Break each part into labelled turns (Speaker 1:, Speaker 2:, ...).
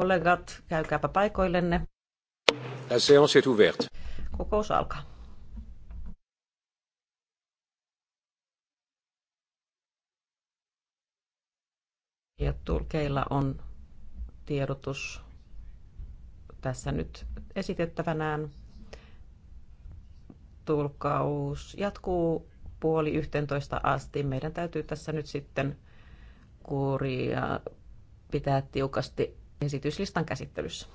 Speaker 1: Kollegat, käykääpä paikoillenne. La séance est ouverte. Kokous alkaa. Ja tulkeilla on tiedotus tässä nyt esitettävänään. Tulkaus jatkuu puoli yhteentoista asti. Meidän täytyy tässä nyt sitten kuuria pitää tiukasti esityslistan käsittelyssä.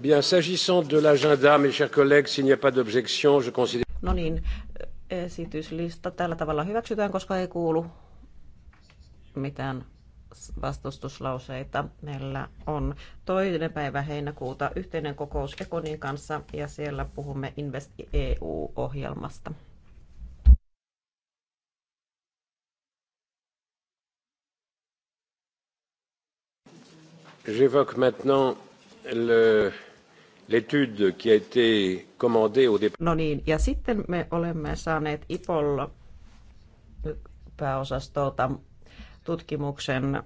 Speaker 2: Bien, s'agissant de l'agenda, mes chers collègues, s'il n'y a pas d'objection, je considère...
Speaker 1: No niin, esityslista tällä tavalla hyväksytään, koska ei kuulu mitään vastustuslauseita. Meillä on toinen päivä heinäkuuta yhteinen kokous Ekonin kanssa ja siellä puhumme Invest EU-ohjelmasta.
Speaker 2: J'évoque maintenant le l'étude qui a été commandée au départ.
Speaker 1: No niin, ja sitten me olemme saaneet ipolla pääosastolta tutkimuksen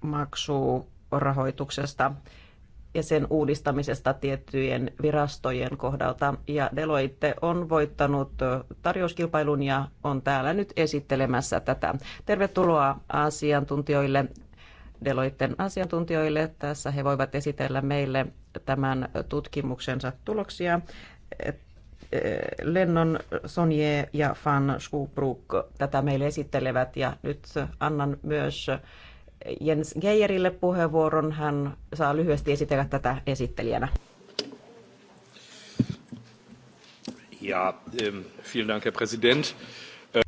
Speaker 1: maksurahoituksesta ja sen uudistamisesta tiettyjen virastojen kohdalta. Ja Deloitte on voittanut tarjouskilpailun ja on täällä nyt esittelemässä tätä. Tervetuloa asiantuntijoille, Deloitten asiantuntijoille. Tässä he voivat esitellä meille tämän tutkimuksensa tuloksia. Lennon, Sonje ja Van Schubruck tätä meille esittelevät ja nyt annan myös Jens Geijerille puheenvuoron. Hän saa lyhyesti esitellä tätä esittelijänä.
Speaker 2: Ja, ähm, vielen Dank, Herr Präsident.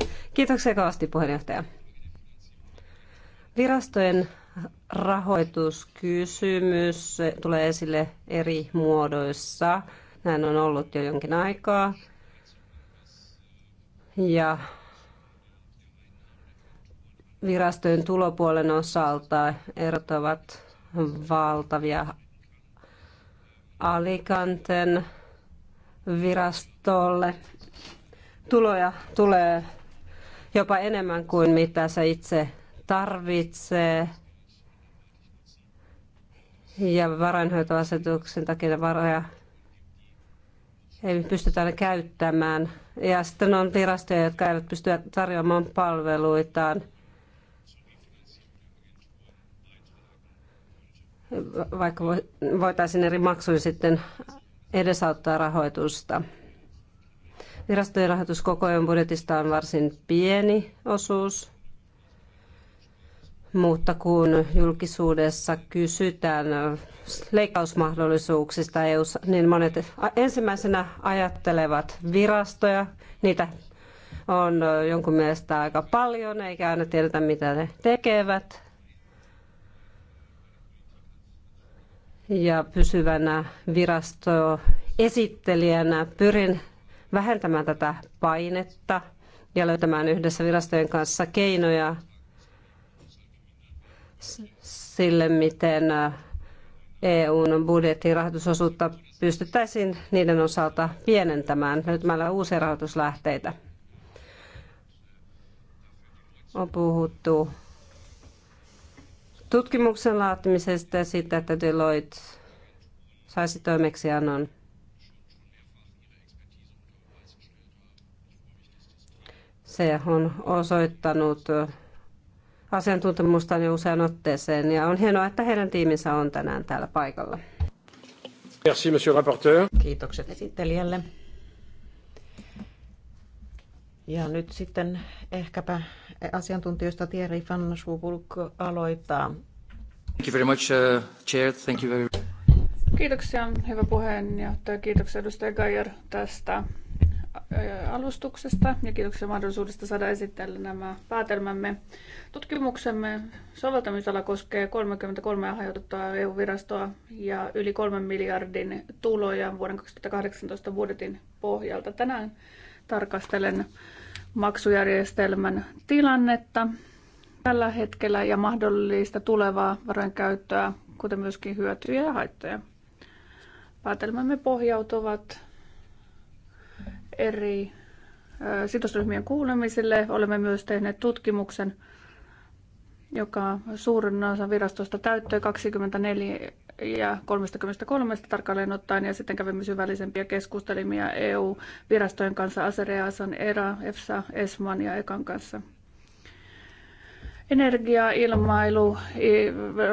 Speaker 2: Äh,
Speaker 3: Kiitoksia kovasti puheenjohtaja. Virastojen rahoituskysymys tulee esille eri muodoissa. Näin on ollut jo jonkin aikaa. Ja virastojen tulopuolen osalta erot ovat valtavia. Alikanten virastolle tuloja tulee jopa enemmän kuin mitä se itse tarvitsee. Ja varainhoitoasetuksen takia varoja ei pystytä käyttämään. Ja sitten on virastoja, jotka eivät pysty tarjoamaan palveluitaan. Vaikka voitaisiin eri maksuja sitten edesauttaa rahoitusta. Virastojen rahoitus koko ajan budjetista on varsin pieni osuus. Mutta kun julkisuudessa kysytään leikkausmahdollisuuksista EU, niin monet ensimmäisenä ajattelevat virastoja. Niitä on jonkun mielestä aika paljon, eikä aina tiedetä mitä ne tekevät. Ja pysyvänä virastoesittelijänä pyrin vähentämään tätä painetta ja löytämään yhdessä virastojen kanssa keinoja sille, miten äh, EUn budjettirahoitusosuutta pystyttäisiin niiden osalta pienentämään löytämällä uusia rahoituslähteitä. On puhuttu tutkimuksen laatimisesta ja siitä, että Deloitte saisi toimeksiannon. Se on osoittanut asiantuntemusta jo usean otteeseen ja on hienoa, että heidän tiiminsä on tänään täällä paikalla.
Speaker 2: Merci, monsieur rapporteur. Kiitokset
Speaker 1: esittelijälle. Ja nyt sitten ehkäpä asiantuntijoista Thierry
Speaker 4: van Schubulk aloittaa. Thank you very much, uh, Chair. Thank you very... Kiitoksia, hyvä puheenjohtaja. Kiitoksia edustaja Geyer tästä alustuksesta ja kiitoksia mahdollisuudesta saada esitellä nämä päätelmämme. Tutkimuksemme soveltamisala koskee 33 hajautettua EU-virastoa ja yli 3 miljardin tuloja vuoden 2018 budjetin pohjalta. Tänään tarkastelen maksujärjestelmän tilannetta tällä hetkellä ja mahdollista tulevaa varojen käyttöä, kuten myöskin hyötyjä ja haittoja. Päätelmämme pohjautuvat eri sidosryhmien kuulemisille. Olemme myös tehneet tutkimuksen, joka suurin osa virastosta täyttöi 24 ja 33 tarkalleen ottaen, ja sitten kävimme syvällisempiä keskustelimia EU-virastojen kanssa, Asereasan, ERA, EFSA, ESMAN ja EKAN kanssa. Energia, ilmailu,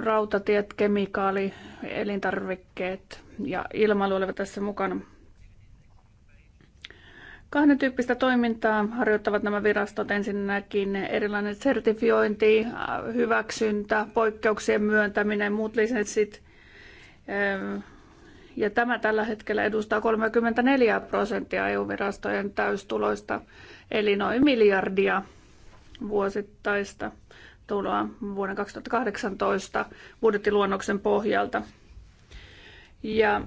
Speaker 4: rautatiet, kemikaali, elintarvikkeet ja ilmailu olivat tässä mukana. Kahden tyyppistä toimintaa harjoittavat nämä virastot. Ensinnäkin erilainen sertifiointi, äh, hyväksyntä, poikkeuksien myöntäminen, muut lisenssit. Ähm, ja tämä tällä hetkellä edustaa 34 prosenttia EU-virastojen täystuloista, eli noin miljardia vuosittaista tuloa vuoden 2018 budjettiluonnoksen pohjalta. Ja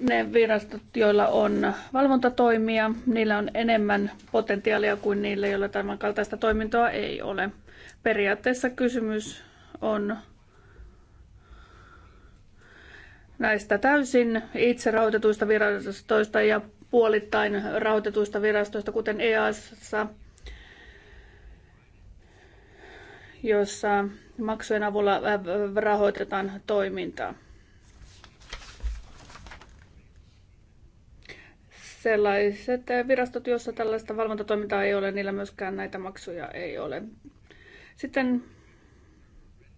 Speaker 4: ne virastot, joilla on valvontatoimia, niillä on enemmän potentiaalia kuin niillä, joilla tämän kaltaista toimintoa ei ole. Periaatteessa kysymys on näistä täysin itse rahoitetuista virastoista ja puolittain rahoitetuista virastoista, kuten EASssa, jossa maksujen avulla äh, rahoitetaan toimintaa. sellaiset virastot, joissa tällaista valvontatoimintaa ei ole, niillä myöskään näitä maksuja ei ole. Sitten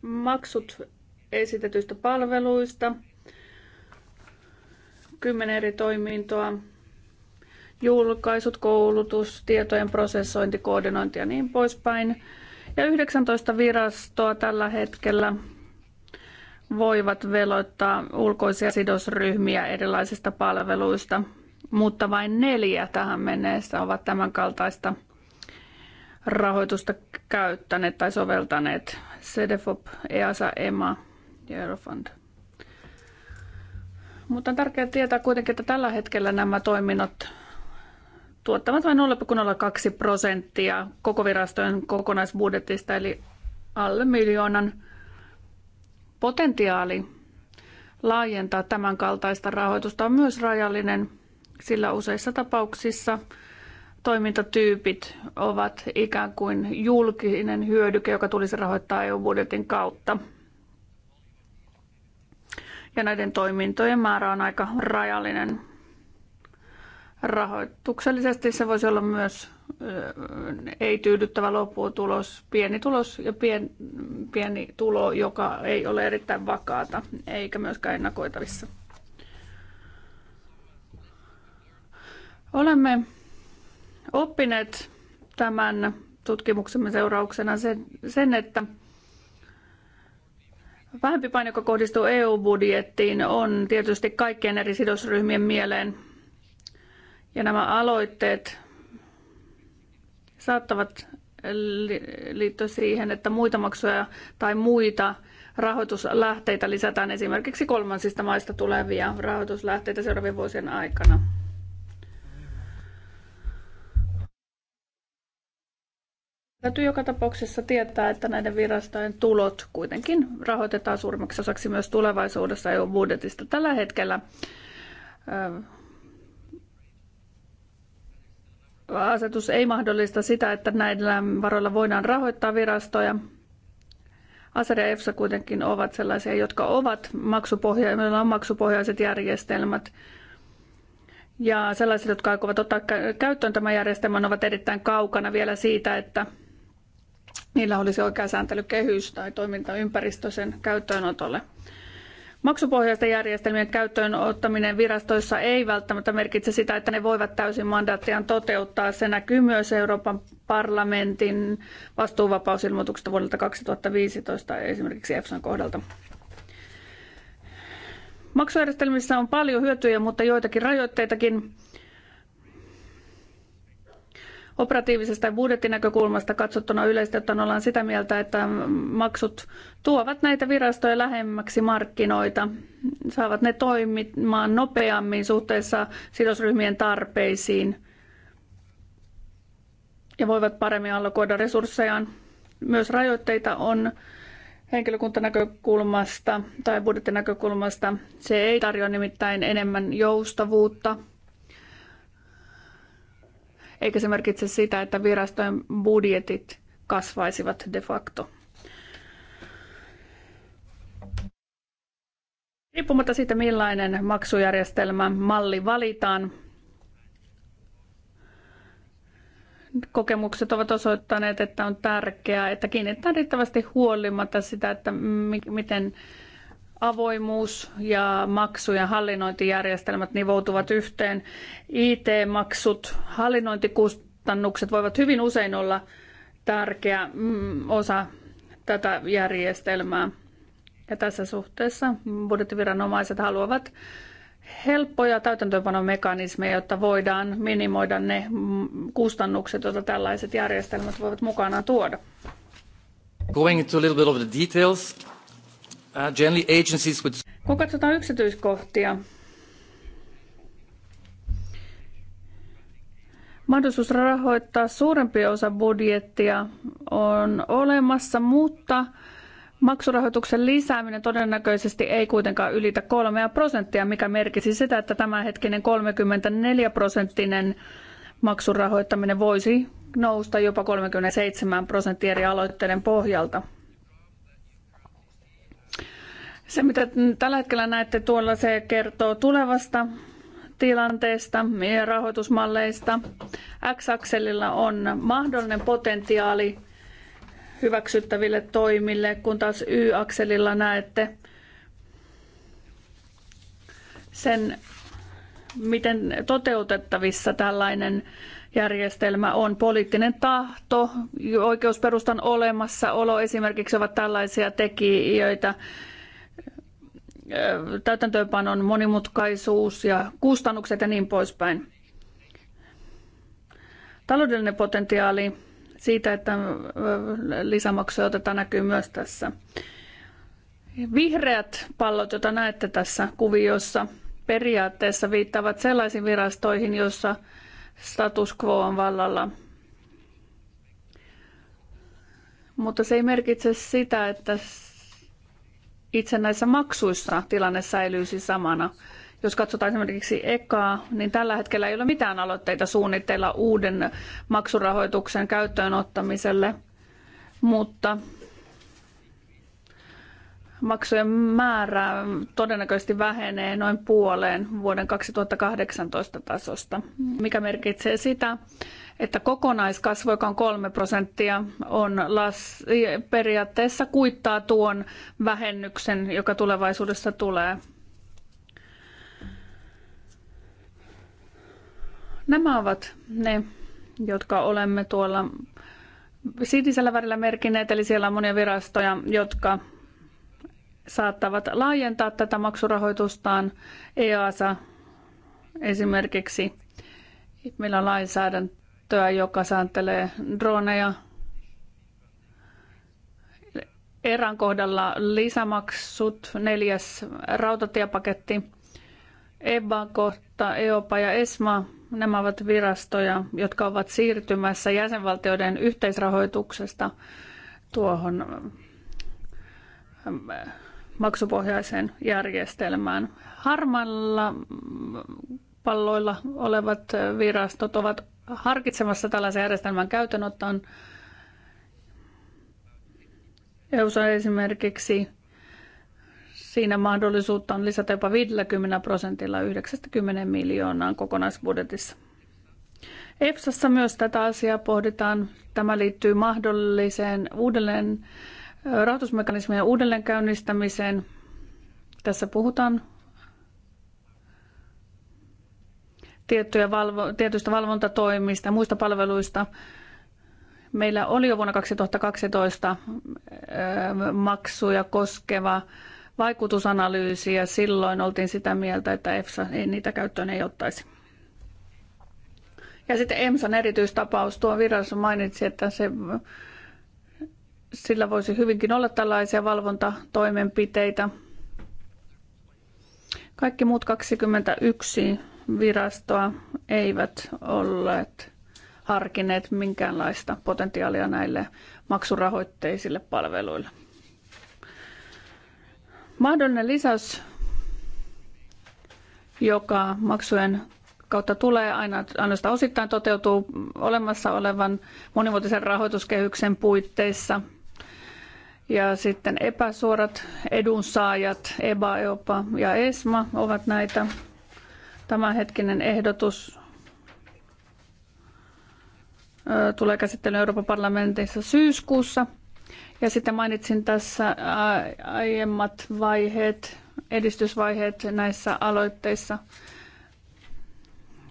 Speaker 4: maksut esitetyistä palveluista, kymmenen eri toimintoa, julkaisut, koulutus, tietojen prosessointi, koordinointi ja niin poispäin. Ja 19 virastoa tällä hetkellä voivat veloittaa ulkoisia sidosryhmiä erilaisista palveluista – mutta vain neljä tähän mennessä ovat tämän kaltaista rahoitusta käyttäneet tai soveltaneet. CDFOP, EASA, EMA ja Eurofund. Mutta on tärkeää tietää kuitenkin, että tällä hetkellä nämä toiminnot tuottavat vain 0,02 prosenttia koko virastojen kokonaisbudjetista, eli alle miljoonan potentiaali laajentaa tämän kaltaista rahoitusta on myös rajallinen sillä useissa tapauksissa toimintatyypit ovat ikään kuin julkinen hyödyke, joka tulisi rahoittaa EU-budjetin kautta. Ja näiden toimintojen määrä on aika rajallinen. Rahoituksellisesti se voisi olla myös ei-tyydyttävä lopputulos, pieni tulos ja pien, pieni tulo, joka ei ole erittäin vakaata eikä myöskään ennakoitavissa. Olemme oppineet tämän tutkimuksemme seurauksena sen, sen että vähempi paine, joka kohdistuu EU-budjettiin, on tietysti kaikkien eri sidosryhmien mieleen. Ja nämä aloitteet saattavat liittyä siihen, että muita maksuja tai muita rahoituslähteitä lisätään esimerkiksi kolmansista maista tulevia rahoituslähteitä seuraavien vuosien aikana. Täytyy joka tapauksessa tietää, että näiden virastojen tulot kuitenkin rahoitetaan suurimmaksi osaksi myös tulevaisuudessa EU-budjetista. Tällä hetkellä asetus ei mahdollista sitä, että näillä varoilla voidaan rahoittaa virastoja. ASER ja EFSA kuitenkin ovat sellaisia, jotka ovat maksupohja, on maksupohjaiset järjestelmät. Ja sellaiset, jotka aikovat ottaa käyttöön tämän järjestelmän, ovat erittäin kaukana vielä siitä, että Niillä olisi oikea sääntelykehys tai toimintaympäristö sen käyttöönotolle. Maksupohjaisten järjestelmien käyttöön ottaminen virastoissa ei välttämättä merkitse sitä, että ne voivat täysin mandaattiaan toteuttaa. Se näkyy myös Euroopan parlamentin vastuuvapausilmoituksesta vuodelta 2015 esimerkiksi EFSAn kohdalta. Maksujärjestelmissä on paljon hyötyjä, mutta joitakin rajoitteitakin operatiivisesta ja budjettinäkökulmasta katsottuna yleisesti ottaen ollaan sitä mieltä, että maksut tuovat näitä virastoja lähemmäksi markkinoita, saavat ne toimimaan nopeammin suhteessa sidosryhmien tarpeisiin ja voivat paremmin allokoida resurssejaan. Myös rajoitteita on henkilökuntanäkökulmasta tai budjettinäkökulmasta. Se ei tarjoa nimittäin enemmän joustavuutta – eikä se merkitse sitä, että virastojen budjetit kasvaisivat de facto. Riippumatta siitä, millainen maksujärjestelmä malli valitaan, kokemukset ovat osoittaneet, että on tärkeää, että kiinnitetään riittävästi huolimatta sitä, että miten avoimuus ja maksujen hallinnointijärjestelmät nivoutuvat yhteen. IT-maksut, hallinnointikustannukset voivat hyvin usein olla tärkeä mm, osa tätä järjestelmää. Ja tässä suhteessa budjettiviranomaiset haluavat helppoja täytäntöönpanomekanismeja, jotta voidaan minimoida ne mm, kustannukset, joita tällaiset järjestelmät voivat mukanaan tuoda. Going into a little bit of the details, Uh, Kun katsotaan yksityiskohtia, mahdollisuus rahoittaa suurempi osa budjettia on olemassa, mutta maksurahoituksen lisääminen todennäköisesti ei kuitenkaan ylitä kolmea prosenttia, mikä merkisi sitä, että tämänhetkinen 34 prosenttinen maksurahoittaminen voisi nousta jopa 37 prosenttia eri aloitteiden pohjalta. Se, mitä tällä hetkellä näette tuolla, se kertoo tulevasta tilanteesta meidän rahoitusmalleista. X-akselilla on mahdollinen potentiaali hyväksyttäville toimille, kun taas Y-akselilla näette sen, miten toteutettavissa tällainen järjestelmä on. Poliittinen tahto, oikeusperustan olemassaolo esimerkiksi ovat tällaisia tekijöitä, täytäntöönpanon monimutkaisuus ja kustannukset ja niin poispäin. Taloudellinen potentiaali siitä, että lisämaksuja otetaan näkyy myös tässä. Vihreät pallot, joita näette tässä kuviossa, periaatteessa viittavat sellaisiin virastoihin, joissa status quo on vallalla. Mutta se ei merkitse sitä, että itse näissä maksuissa tilanne säilyisi samana. Jos katsotaan esimerkiksi ekaa, niin tällä hetkellä ei ole mitään aloitteita suunnitteilla uuden maksurahoituksen käyttöönottamiselle, ottamiselle, mutta maksujen määrä todennäköisesti vähenee noin puoleen vuoden 2018 tasosta, mikä merkitsee sitä, että kokonaiskasvu, joka on 3 prosenttia, on las, periaatteessa kuittaa tuon vähennyksen, joka tulevaisuudessa tulee. Nämä ovat ne, jotka olemme tuolla sinisellä värillä merkineet, eli siellä on monia virastoja, jotka saattavat laajentaa tätä maksurahoitustaan EASA esimerkiksi. Meillä on lainsäädäntöä, joka sääntelee droneja. Erän kohdalla lisämaksut, neljäs rautatiepaketti, EBA-kohta, EOPA ja ESMA, nämä ovat virastoja, jotka ovat siirtymässä jäsenvaltioiden yhteisrahoituksesta tuohon maksupohjaiseen järjestelmään. Harmalla palloilla olevat virastot ovat harkitsemassa tällaisen järjestelmän käytönottoon. EU:ssa esimerkiksi siinä mahdollisuutta on lisätä jopa 50 prosentilla 90 miljoonaan kokonaisbudjetissa. EFSassa myös tätä asiaa pohditaan. Tämä liittyy mahdolliseen uudelleen rahoitusmekanismien uudelleenkäynnistämiseen. Tässä puhutaan tiettyjä valvo, tietyistä valvontatoimista ja muista palveluista. Meillä oli jo vuonna 2012 maksuja koskeva vaikutusanalyysi ja silloin oltiin sitä mieltä, että EFSA ei niitä käyttöön ei ottaisi. Ja sitten EMSAn erityistapaus, tuo virallisuus mainitsi, että se sillä voisi hyvinkin olla tällaisia valvontatoimenpiteitä. Kaikki muut 21 virastoa eivät olleet harkineet minkäänlaista potentiaalia näille maksurahoitteisille palveluille. Mahdollinen lisäys, joka maksujen kautta tulee aina, ainoastaan osittain toteutuu olemassa olevan monivuotisen rahoituskehyksen puitteissa – ja sitten epäsuorat edunsaajat, EBA, EOPA ja ESMA ovat näitä. Tämänhetkinen ehdotus tulee käsittelyyn Euroopan parlamentissa syyskuussa. Ja sitten mainitsin tässä aiemmat vaiheet, edistysvaiheet näissä aloitteissa.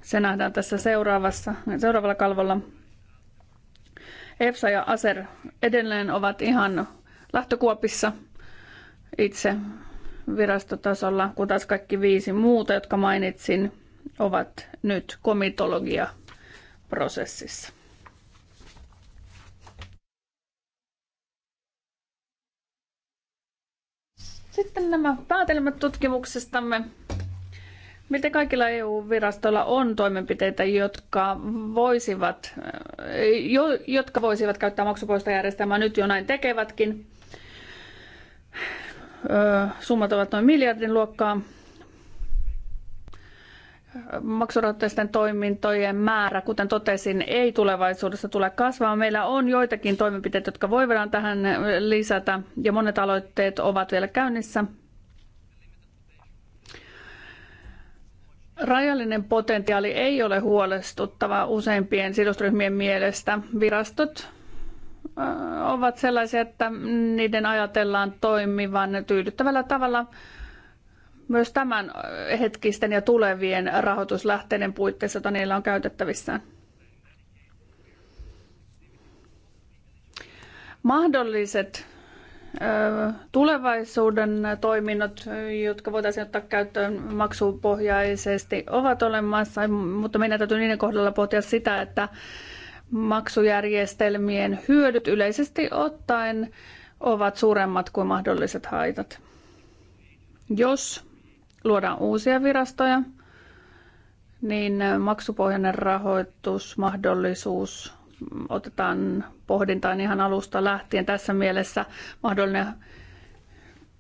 Speaker 4: Se nähdään tässä seuraavassa, seuraavalla kalvolla. EFSA ja ASER edelleen ovat ihan lähtökuopissa itse virastotasolla, kun taas kaikki viisi muuta, jotka mainitsin, ovat nyt komitologia prosessissa. Sitten nämä päätelmät tutkimuksestamme. Miten kaikilla EU-virastoilla on toimenpiteitä, jotka voisivat, jo, jotka voisivat käyttää maksupoistojärjestelmää, nyt jo näin tekevätkin, summat ovat noin miljardin luokkaa. Maksurahoitteisten toimintojen määrä, kuten totesin, ei tulevaisuudessa tule kasvamaan. Meillä on joitakin toimenpiteitä, jotka voidaan tähän lisätä, ja monet aloitteet ovat vielä käynnissä. Rajallinen potentiaali ei ole huolestuttava useimpien sidosryhmien mielestä. Virastot ovat sellaisia, että niiden ajatellaan toimivan tyydyttävällä tavalla myös tämän hetkisten ja tulevien rahoituslähteiden puitteissa, joita niillä on käytettävissään. Mahdolliset tulevaisuuden toiminnot, jotka voitaisiin ottaa käyttöön maksupohjaisesti, ovat olemassa, mutta meidän täytyy niiden kohdalla pohtia sitä, että maksujärjestelmien hyödyt yleisesti ottaen ovat suuremmat kuin mahdolliset haitat. Jos luodaan uusia virastoja, niin maksupohjainen rahoitusmahdollisuus otetaan pohdintaan ihan alusta lähtien. Tässä mielessä mahdollinen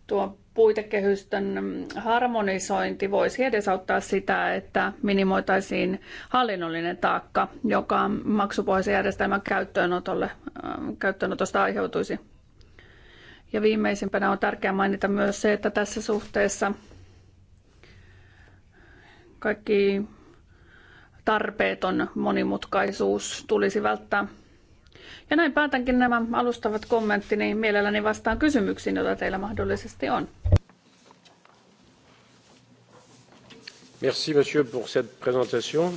Speaker 4: tuo puitekehysten harmonisointi voisi edesauttaa sitä, että minimoitaisiin hallinnollinen taakka, joka maksupohjaisen järjestelmän käyttöönotolle, äh, käyttöönotosta aiheutuisi. Ja viimeisimpänä on tärkeää mainita myös se, että tässä suhteessa kaikki tarpeeton monimutkaisuus tulisi välttää – ja näin päätänkin nämä alustavat kommenttini. Mielelläni vastaan kysymyksiin, joita teillä mahdollisesti on.
Speaker 2: Merci monsieur pour cette présentation.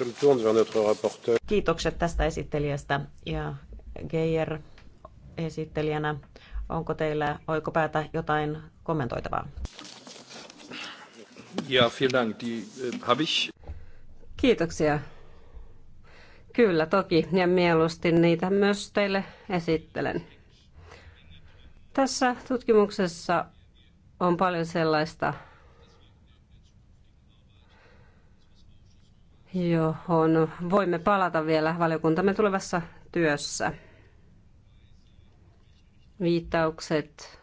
Speaker 2: Je me tourne vers notre rapporteur.
Speaker 1: Kiitokset tästä esittelijästä ja Geijer esittelijänä. Onko teillä oikopäätä jotain kommentoitavaa?
Speaker 2: Ja, vielen Dank. Die, äh,
Speaker 3: Kiitoksia. Kyllä, toki, ja mieluusti niitä myös teille esittelen. Tässä tutkimuksessa on paljon sellaista, johon voimme palata vielä valiokuntamme tulevassa työssä. Viittaukset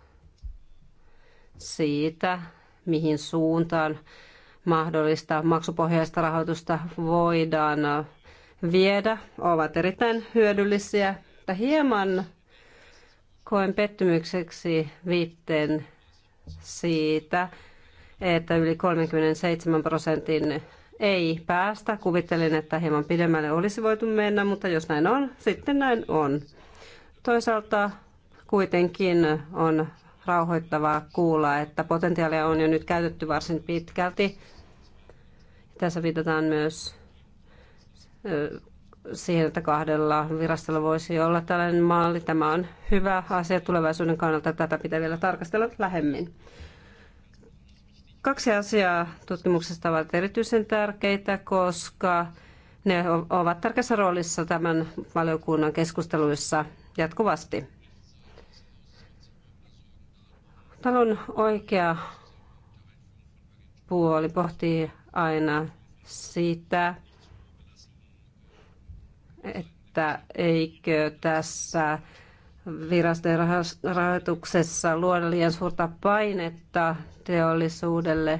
Speaker 3: siitä, mihin suuntaan mahdollista maksupohjaista rahoitusta voidaan viedä ovat erittäin hyödyllisiä, mutta hieman koen pettymykseksi viitteen siitä, että yli 37 prosentin ei päästä. Kuvittelin, että hieman pidemmälle olisi voitu mennä, mutta jos näin on, sitten näin on. Toisaalta kuitenkin on rauhoittavaa kuulla, että potentiaalia on jo nyt käytetty varsin pitkälti. Tässä viitataan myös siihen, että kahdella virastolla voisi olla tällainen malli. Tämä on hyvä asia tulevaisuuden kannalta. Tätä pitää vielä tarkastella lähemmin. Kaksi asiaa tutkimuksesta ovat erityisen tärkeitä, koska ne ovat tärkeässä roolissa tämän valiokunnan keskusteluissa jatkuvasti. Talon oikea puoli pohtii aina sitä, että eikö tässä virastojen rahoituksessa luoda liian suurta painetta teollisuudelle.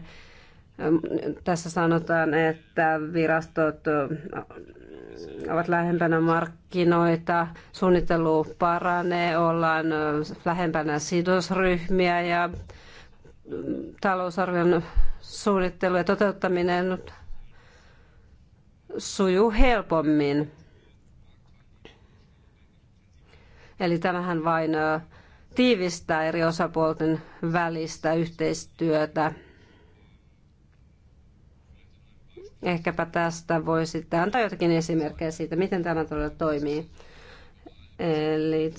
Speaker 3: Tässä sanotaan, että virastot ovat lähempänä markkinoita, suunnittelu paranee, ollaan lähempänä sidosryhmiä ja talousarvion suunnittelu ja toteuttaminen sujuu helpommin. Eli tämähän vain tiivistää eri osapuolten välistä yhteistyötä. Ehkäpä tästä voi sitten antaa jotakin esimerkkejä siitä, miten tämä todella toimii. Eli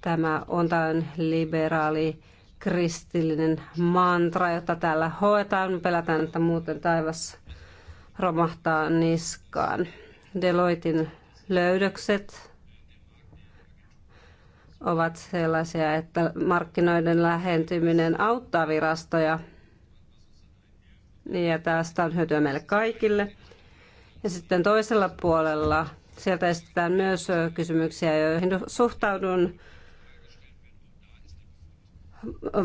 Speaker 3: tämä on tällainen liberaali kristillinen mantra, jota täällä hoetaan. Pelätään, että muuten taivas romahtaa niskaan. Deloitin löydökset ovat sellaisia, että markkinoiden lähentyminen auttaa virastoja. Ja tästä on hyötyä meille kaikille. Ja sitten toisella puolella sieltä esitetään myös kysymyksiä, joihin suhtaudun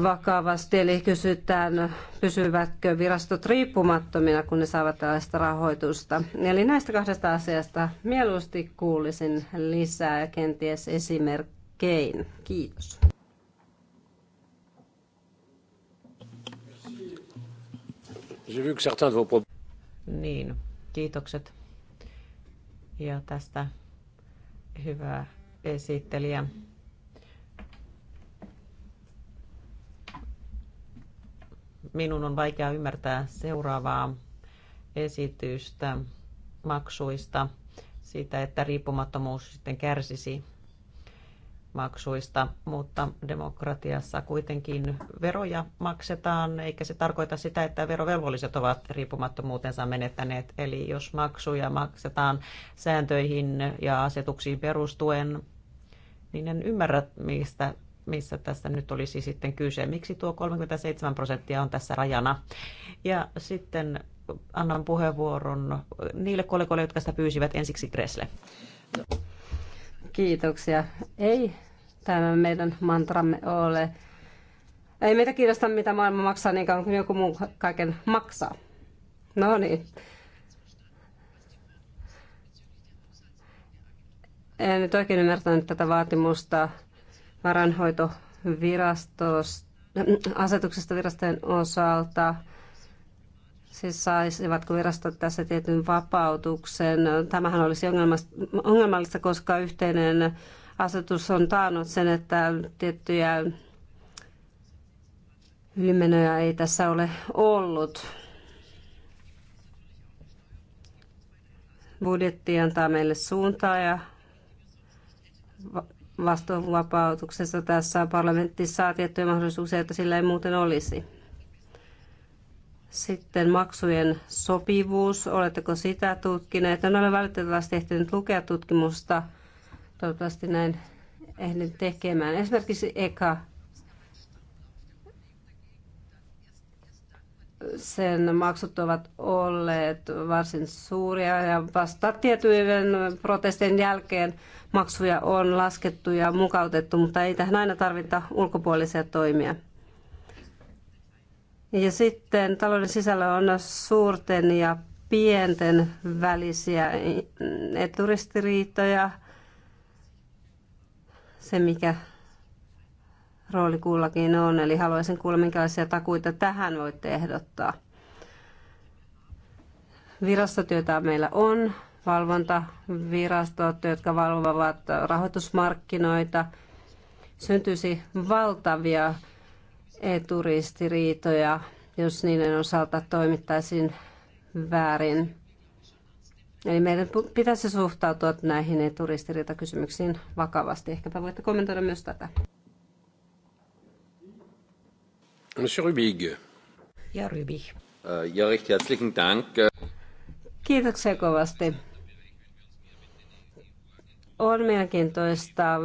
Speaker 3: vakavasti. Eli kysytään, pysyvätkö virastot riippumattomina, kun ne saavat tällaista rahoitusta. Eli näistä kahdesta asiasta mieluusti kuulisin lisää ja kenties esimerkkejä
Speaker 1: kein. Kiitos. Niin, kiitokset. Ja tästä hyvää esittelijä. Minun on vaikea ymmärtää seuraavaa esitystä maksuista, siitä, että riippumattomuus sitten kärsisi maksuista, mutta demokratiassa kuitenkin veroja maksetaan, eikä se tarkoita sitä, että verovelvolliset ovat riippumattomuutensa menettäneet. Eli jos maksuja maksetaan sääntöihin ja asetuksiin perustuen, niin en ymmärrä, mistä, missä tässä nyt olisi sitten kyse. Miksi tuo 37 prosenttia on tässä rajana? Ja sitten annan puheenvuoron niille kollegoille, jotka sitä pyysivät ensiksi Kresle. No kiitoksia. Ei
Speaker 3: tämä meidän mantramme ole. Ei meitä kiinnosta, mitä maailma maksaa, niin kauan kuin joku muu kaiken maksaa. No niin. En nyt oikein ymmärtänyt tätä vaatimusta varanhoitovirastosta asetuksesta virastojen osalta. Siis saisivatko virastot tässä tietyn vapautuksen? Tämähän olisi ongelmallista, koska yhteinen asetus on taannut sen, että tiettyjä ylimenoja ei tässä ole ollut. Budjetti antaa meille suuntaa ja vastuunvapautuksessa tässä parlamentti saa tiettyjä mahdollisuuksia, että sillä ei muuten olisi. Sitten maksujen sopivuus, oletteko sitä tutkineet? No, en ole valitettavasti ehtinyt lukea tutkimusta, toivottavasti näin ehdin tekemään. Esimerkiksi eka sen maksut ovat olleet varsin suuria ja vasta tietyiden protestien jälkeen maksuja on laskettu ja mukautettu, mutta ei tähän aina tarvita ulkopuolisia toimia. Ja sitten talouden sisällä on suurten ja pienten välisiä eturistiriitoja, se mikä rooli kullakin on. Eli haluaisin kuulla, minkälaisia takuita tähän voitte ehdottaa. Virastotyötä meillä on, valvontavirastot, jotka valvovat rahoitusmarkkinoita. Syntyisi valtavia eturistiriitoja, jos niiden osalta toimittaisiin väärin. Eli meidän pitäisi suhtautua näihin eturistiriitakysymyksiin vakavasti. Ehkäpä voitte kommentoida myös tätä.
Speaker 2: Monsieur Rubig.
Speaker 3: Ja Rubig. Äh,
Speaker 2: ja recht herzlichen Dank.
Speaker 3: Kiitoksia kovasti. On mielenkiintoista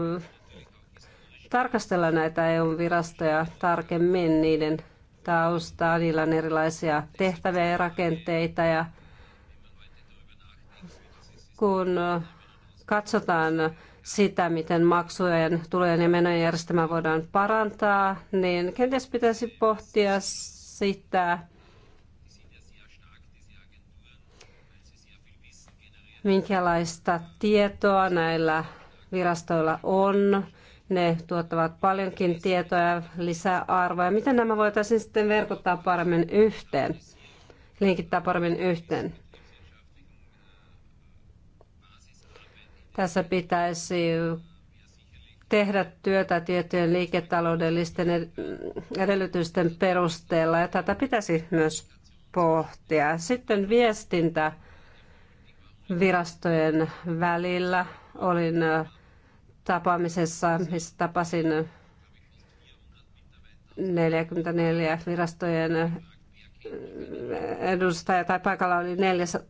Speaker 3: tarkastella näitä EU-virastoja tarkemmin, niiden taustaa, niillä on erilaisia tehtäviä ja rakenteita ja kun katsotaan sitä, miten maksujen, tulojen ja menojen järjestelmä voidaan parantaa, niin kenties pitäisi pohtia sitä, minkälaista tietoa näillä virastoilla on, ne tuottavat paljonkin tietoa ja lisää arvoa. Miten nämä voitaisiin sitten verkottaa paremmin yhteen, linkittää paremmin yhteen? Tässä pitäisi tehdä työtä tiettyjen liiketaloudellisten edellytysten perusteella ja tätä pitäisi myös pohtia. Sitten viestintä virastojen välillä. Olin tapaamisessa, missä tapasin 44 virastojen edustajaa tai paikalla oli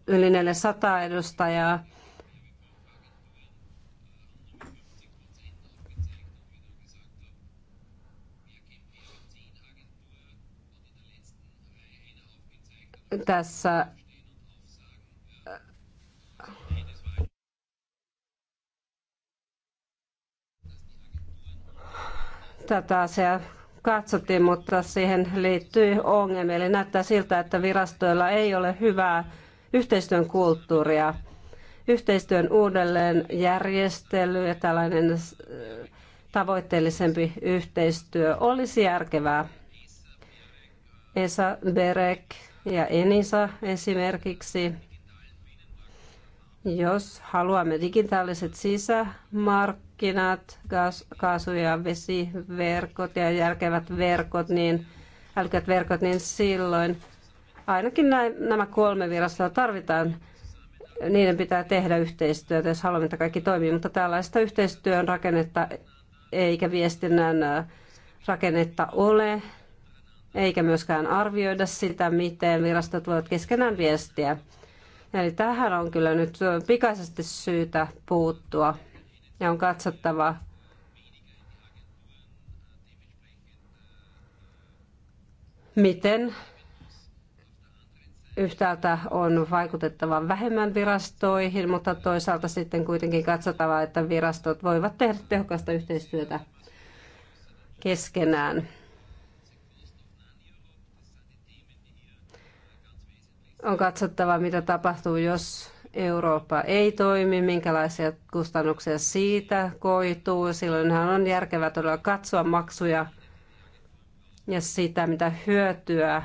Speaker 3: yli 400 edustajaa. Tässä tätä asiaa katsottiin, mutta siihen liittyy ongelmia. Eli näyttää siltä, että virastoilla ei ole hyvää yhteistyön kulttuuria. Yhteistyön uudelleen järjestely ja tällainen äh, tavoitteellisempi yhteistyö olisi järkevää. ESA, Berek ja ENISA esimerkiksi. Jos haluamme digitaaliset sisämarkkinat, markkinat, kaas, kaasu- ja vesiverkot ja järkevät verkot, niin älykät verkot, niin silloin ainakin näin, nämä kolme virastoa tarvitaan. Niiden pitää tehdä yhteistyötä, jos haluamme, että kaikki toimii, mutta tällaista yhteistyön rakennetta eikä viestinnän äh, rakennetta ole, eikä myöskään arvioida sitä, miten virastot voivat keskenään viestiä. Eli tähän on kyllä nyt äh, pikaisesti syytä puuttua ja on katsottava, miten yhtäältä on vaikutettava vähemmän virastoihin, mutta toisaalta sitten kuitenkin katsotava, että virastot voivat tehdä tehokasta yhteistyötä keskenään. On katsottava, mitä tapahtuu, jos Eurooppa ei toimi, minkälaisia kustannuksia siitä koituu. Silloinhan on järkevää todella katsoa maksuja ja sitä, mitä hyötyä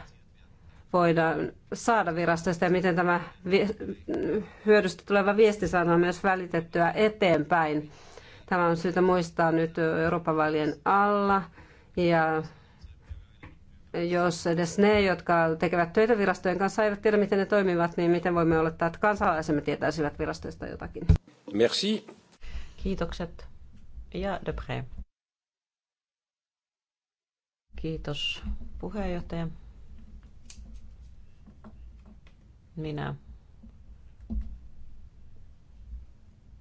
Speaker 3: voidaan saada virastosta ja miten tämä hyödystä tuleva viesti saadaan myös välitettyä eteenpäin. Tämä on syytä muistaa nyt Euroopan vaalien alla ja jos edes ne, jotka tekevät töitä virastojen kanssa, eivät tiedä, miten ne toimivat, niin miten voimme olettaa, että kansalaisemme tietäisivät
Speaker 1: virastoista jotakin? Merci. Kiitokset. Ja Debré. Kiitos puheenjohtaja. Minä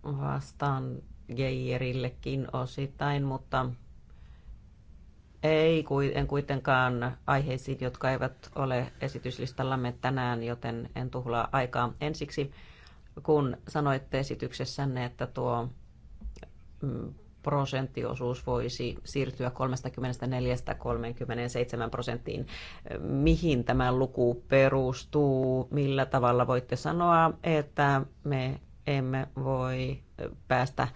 Speaker 1: vastaan Geijerillekin osittain, mutta ei, en kuitenkaan aiheisiin, jotka eivät ole esityslistallamme tänään, joten en tuhlaa aikaa. Ensiksi, kun sanoitte esityksessänne, että tuo mm, prosenttiosuus voisi siirtyä 34-37 prosenttiin. Mihin tämä luku perustuu? Millä tavalla voitte sanoa, että me emme voi päästä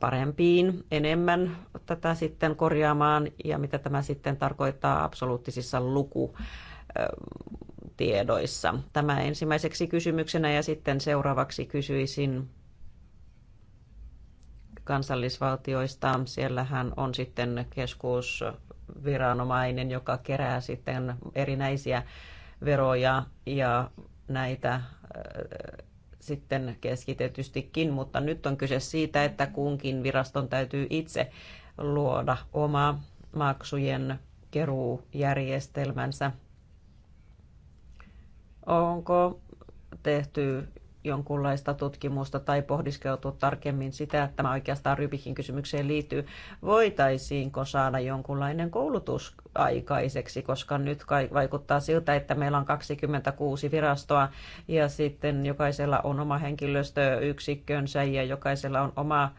Speaker 1: parempiin, enemmän tätä sitten korjaamaan ja mitä tämä sitten tarkoittaa absoluuttisissa luku Tämä ensimmäiseksi kysymyksenä ja sitten seuraavaksi kysyisin kansallisvaltioista. Siellähän on sitten keskusviranomainen, joka kerää sitten erinäisiä veroja ja näitä sitten keskitetystikin, mutta nyt on kyse siitä, että kunkin viraston täytyy itse luoda oma maksujen keruujärjestelmänsä. Onko tehty jonkunlaista tutkimusta tai pohdiskeltu tarkemmin sitä, että tämä oikeastaan Rybikin kysymykseen liittyy, voitaisiinko saada jonkunlainen koulutus aikaiseksi, koska nyt vaikuttaa siltä, että meillä on 26 virastoa ja sitten jokaisella on oma henkilöstöyksikkönsä ja jokaisella on oma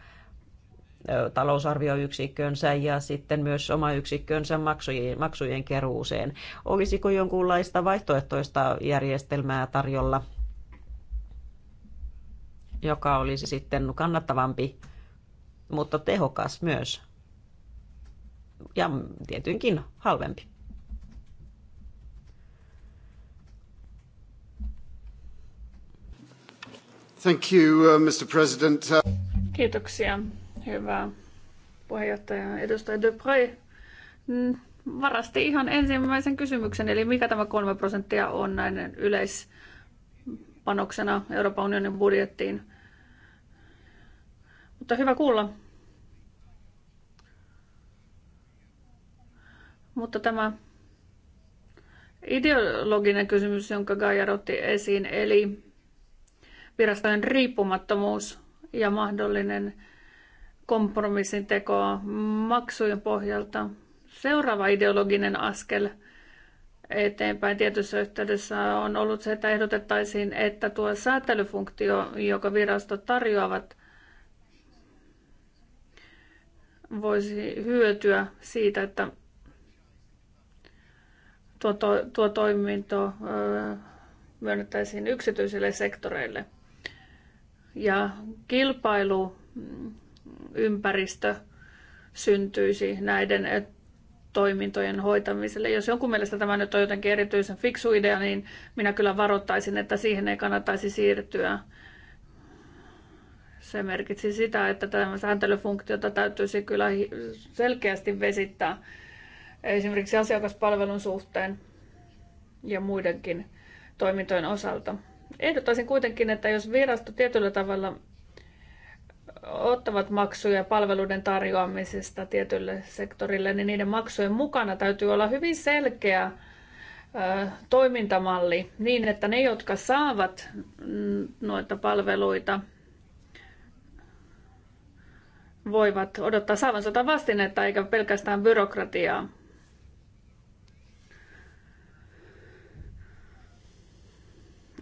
Speaker 1: talousarvioyksikkönsä ja sitten myös oma yksikkönsä maksujen, maksujen keruuseen. Olisiko jonkunlaista vaihtoehtoista järjestelmää tarjolla joka olisi sitten kannattavampi, mutta tehokas myös. Ja tietyinkin halvempi. Thank you, uh, Mr. President.
Speaker 4: Kiitoksia, hyvä puheenjohtaja edustaja Depre. Mm, varasti ihan ensimmäisen kysymyksen, eli mikä tämä kolme prosenttia on näiden yleispanoksena Euroopan unionin budjettiin. Mutta hyvä kuulla. Mutta tämä ideologinen kysymys, jonka Gaia otti esiin, eli virastojen riippumattomuus ja mahdollinen kompromissin tekoa maksujen pohjalta. Seuraava ideologinen askel eteenpäin tietyssä yhteydessä on ollut se, että ehdotettaisiin, että tuo säätelyfunktio, joka virastot tarjoavat, voisi hyötyä siitä, että tuo, to, tuo toiminto myönnettäisiin yksityisille sektoreille. Ja kilpailuympäristö mm, syntyisi näiden toimintojen hoitamiselle. Jos jonkun mielestä tämä nyt on jotenkin erityisen fiksu idea, niin minä kyllä varoittaisin, että siihen ei kannattaisi siirtyä se merkitsi sitä, että tämä sääntelyfunktiota täytyisi kyllä selkeästi vesittää esimerkiksi asiakaspalvelun suhteen ja muidenkin toimintojen osalta. Ehdottaisin kuitenkin, että jos virasto tietyllä tavalla ottavat maksuja palveluiden tarjoamisesta tietylle sektorille, niin niiden maksujen mukana täytyy olla hyvin selkeä toimintamalli niin, että ne, jotka saavat mm, noita palveluita, voivat odottaa saavansa jotain vastinetta eikä pelkästään byrokratiaa.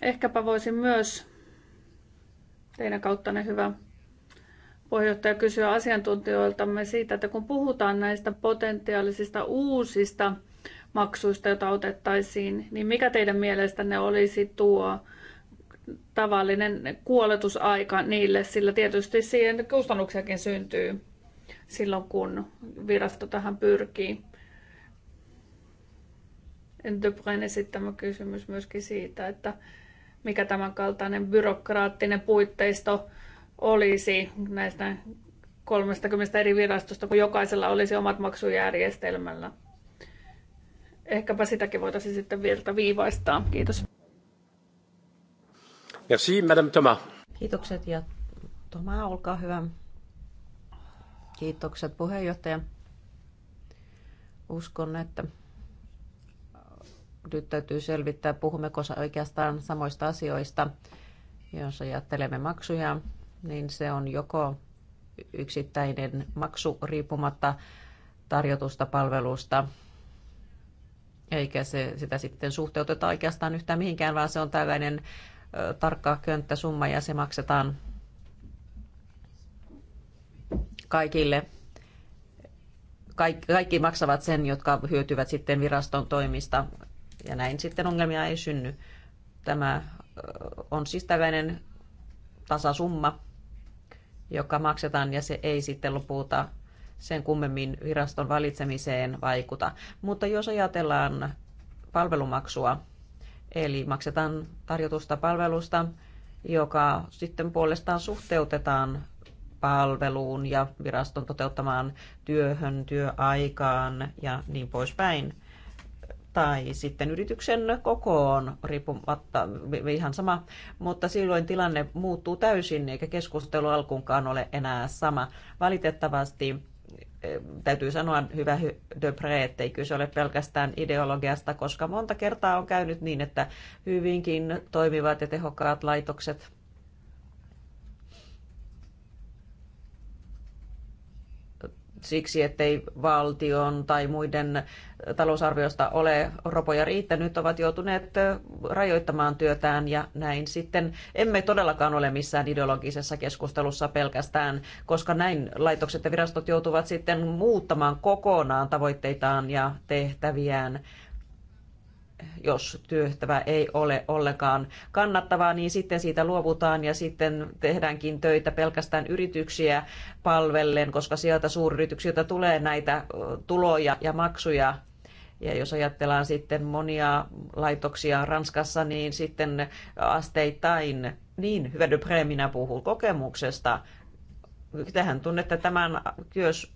Speaker 4: Ehkäpä voisin myös teidän kauttanne hyvä puheenjohtaja kysyä asiantuntijoiltamme siitä, että kun puhutaan näistä potentiaalisista uusista maksuista, joita otettaisiin, niin mikä teidän mielestänne olisi tuo tavallinen kuoletusaika niille, sillä tietysti siihen kustannuksiakin syntyy silloin, kun virasto tähän pyrkii. Debren esittämä kysymys myöskin siitä, että mikä tämän kaltainen byrokraattinen puitteisto olisi näistä 30 eri virastosta, kun jokaisella olisi omat maksujärjestelmällä. Ehkäpä sitäkin voitaisiin sitten virtaviivaistaa. Kiitos.
Speaker 2: Merci, Madame Thomas.
Speaker 1: Kiitokset ja Toma, olkaa hyvä. Kiitokset puheenjohtaja. Uskon, että nyt täytyy selvittää, puhummeko oikeastaan samoista asioista. Jos ajattelemme maksuja, niin se on joko yksittäinen maksu riippumatta tarjotusta palvelusta, eikä se, sitä sitten suhteuteta oikeastaan yhtään mihinkään, vaan se on tällainen tarkka könttäsumma ja se maksetaan kaikille. Kaikki, kaikki maksavat sen, jotka hyötyvät sitten viraston toimista ja näin sitten ongelmia ei synny. Tämä on siis tällainen tasasumma, joka maksetaan ja se ei sitten lopulta sen kummemmin viraston valitsemiseen vaikuta. Mutta jos ajatellaan palvelumaksua, Eli maksetaan tarjotusta palvelusta, joka sitten puolestaan suhteutetaan palveluun ja viraston toteuttamaan työhön, työaikaan ja niin poispäin. Tai sitten yrityksen kokoon, riippumatta ihan sama, mutta silloin tilanne muuttuu täysin eikä keskustelu alkuunkaan ole enää sama. Valitettavasti niin, eh, täytyy sanoa, hyvä Depre, ettei kyse ole pelkästään ideologiasta, koska monta kertaa on käynyt niin, että hyvinkin toimivat ja tehokkaat laitokset siksi, ettei valtion tai muiden talousarviosta ole ropoja riittänyt, ovat joutuneet rajoittamaan työtään ja näin sitten emme todellakaan ole missään ideologisessa keskustelussa pelkästään, koska näin laitokset ja virastot joutuvat sitten muuttamaan kokonaan tavoitteitaan ja tehtäviään jos työtävä ei ole ollenkaan kannattavaa, niin sitten siitä luovutaan ja sitten tehdäänkin töitä pelkästään yrityksiä palvellen, koska sieltä suuryrityksiltä tulee näitä tuloja ja maksuja ja jos ajatellaan sitten monia laitoksia Ranskassa, niin sitten asteittain, niin hyvä Dupré, minä puhun kokemuksesta. Tähän tunnette tämän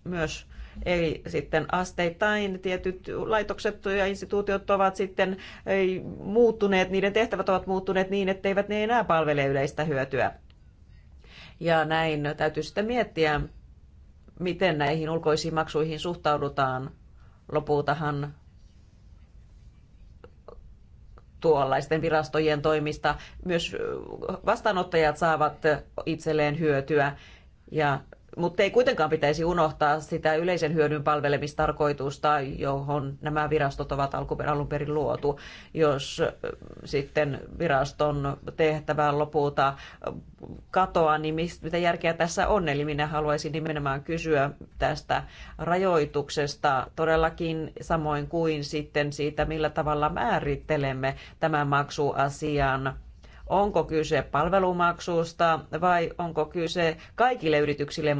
Speaker 1: myös Eli sitten asteittain tietyt laitokset ja instituutiot ovat sitten muuttuneet, niiden tehtävät ovat muuttuneet niin, etteivät ne enää palvele yleistä hyötyä. Ja näin täytyy sitten miettiä, miten näihin ulkoisiin maksuihin suhtaudutaan. Lopultahan tuollaisten virastojen toimista myös vastaanottajat saavat itselleen hyötyä. Ja mutta ei kuitenkaan pitäisi unohtaa sitä yleisen hyödyn palvelemistarkoitusta, johon nämä virastot ovat alun perin luotu. Jos sitten viraston tehtävä lopulta katoaa, niin mitä järkeä tässä on? Eli minä haluaisin nimenomaan kysyä tästä rajoituksesta todellakin samoin kuin sitten siitä, millä tavalla määrittelemme tämän maksuasian onko kyse palvelumaksusta vai onko kyse kaikille yrityksille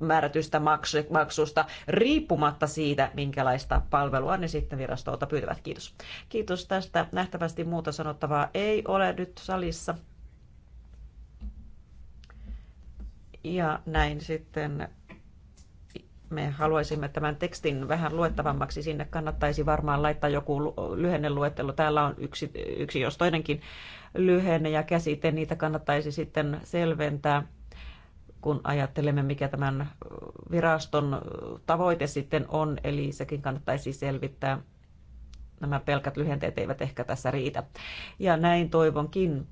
Speaker 1: määrätystä maksusta, riippumatta siitä, minkälaista palvelua ne sitten virastolta pyytävät. Kiitos. Kiitos tästä. Nähtävästi muuta sanottavaa ei ole nyt salissa. Ja näin sitten me haluaisimme tämän tekstin vähän luettavammaksi. Sinne kannattaisi varmaan laittaa joku lyhenneluettelo. Täällä on yksi, yksi jos toinenkin lyhenne ja käsite. Niitä kannattaisi sitten selventää, kun ajattelemme, mikä tämän viraston tavoite sitten on. Eli sekin kannattaisi selvittää. Nämä pelkät lyhenteet eivät ehkä tässä riitä. Ja näin toivonkin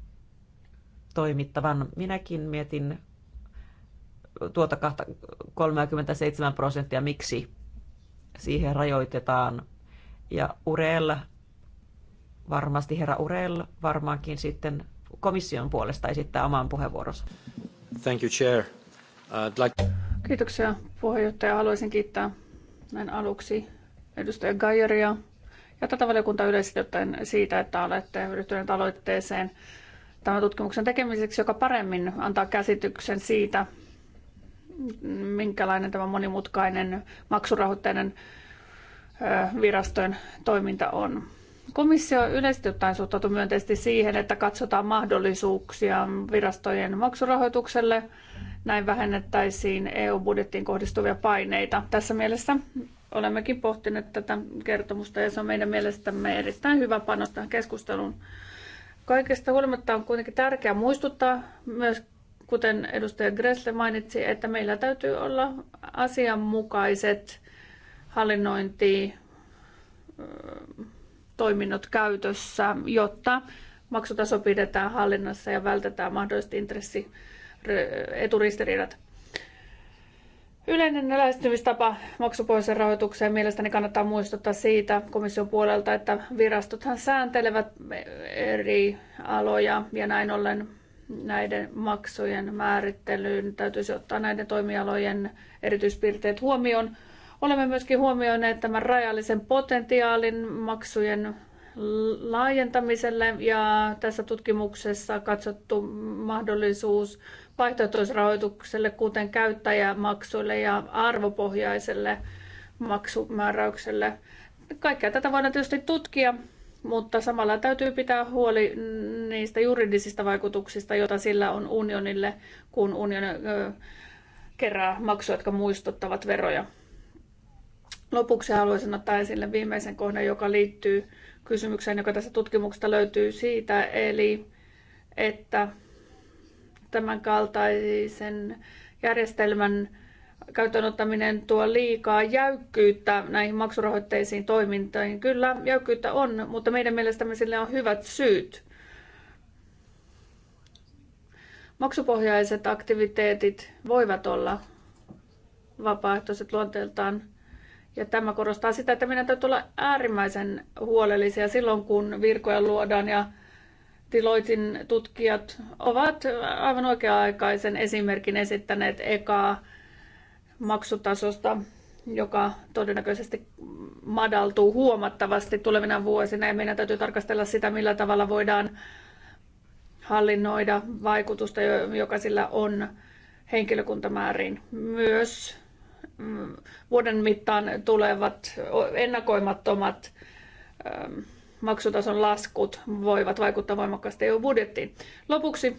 Speaker 1: toimittavan. Minäkin mietin tuota 37 prosenttia, miksi siihen rajoitetaan. Ja Urel, varmasti herra Urel, varmaankin sitten komission puolesta esittää oman puheenvuoronsa. Thank you, Chair. Uh, like...
Speaker 4: Kiitoksia puheenjohtaja. Haluaisin kiittää näin aluksi edustaja Gajeria ja tätä valiokuntaa yleisesti siitä, että olette ryhtyneet aloitteeseen tämän tutkimuksen tekemiseksi, joka paremmin antaa käsityksen siitä, minkälainen tämä monimutkainen maksurahoitteinen virastojen toiminta on. Komissio yleisesti ottaen suhtautui myönteisesti siihen, että katsotaan mahdollisuuksia virastojen maksurahoitukselle. Näin vähennettäisiin EU-budjettiin kohdistuvia paineita. Tässä mielessä olemmekin pohtineet tätä kertomusta ja se on meidän mielestämme erittäin hyvä panostaa keskusteluun. Kaikesta huolimatta on kuitenkin tärkeää muistuttaa myös kuten edustaja Gressle mainitsi, että meillä täytyy olla asianmukaiset hallinnointi toiminnot käytössä, jotta maksutaso pidetään hallinnassa ja vältetään mahdolliset intressi eturistiriidat. Yleinen lähestymistapa maksupohjaisen rahoitukseen mielestäni kannattaa muistuttaa siitä komission puolelta, että virastothan sääntelevät eri aloja ja näin ollen näiden maksujen määrittelyyn täytyisi ottaa näiden toimialojen erityispiirteet huomioon. Olemme myöskin huomioineet tämän rajallisen potentiaalin maksujen laajentamiselle ja tässä tutkimuksessa katsottu mahdollisuus vaihtoehtoisrahoitukselle, kuten käyttäjämaksuille ja arvopohjaiselle maksumääräykselle. Kaikkea tätä voidaan tietysti tutkia mutta samalla täytyy pitää huoli niistä juridisista vaikutuksista, joita sillä on unionille, kun unioni kerää maksuja, jotka muistuttavat veroja. Lopuksi haluaisin ottaa esille viimeisen kohdan, joka liittyy kysymykseen, joka tässä tutkimuksesta löytyy siitä, eli että tämän kaltaisen järjestelmän ottaminen tuo liikaa jäykkyyttä näihin maksurahoitteisiin toimintoihin. Kyllä, jäykkyyttä on, mutta meidän mielestämme sille on hyvät syyt. Maksupohjaiset aktiviteetit voivat olla vapaaehtoiset luonteeltaan. Ja tämä korostaa sitä, että meidän täytyy olla äärimmäisen huolellisia silloin, kun virkoja luodaan ja Deloitin tutkijat ovat aivan oikea-aikaisen esimerkin esittäneet ekaa maksutasosta, joka todennäköisesti madaltuu huomattavasti tulevina vuosina. Ja meidän täytyy tarkastella sitä, millä tavalla voidaan hallinnoida vaikutusta, joka sillä on henkilökuntamääriin. Myös mm, vuoden mittaan tulevat ennakoimattomat maksutason laskut voivat vaikuttaa voimakkaasti EU-budjettiin. Lopuksi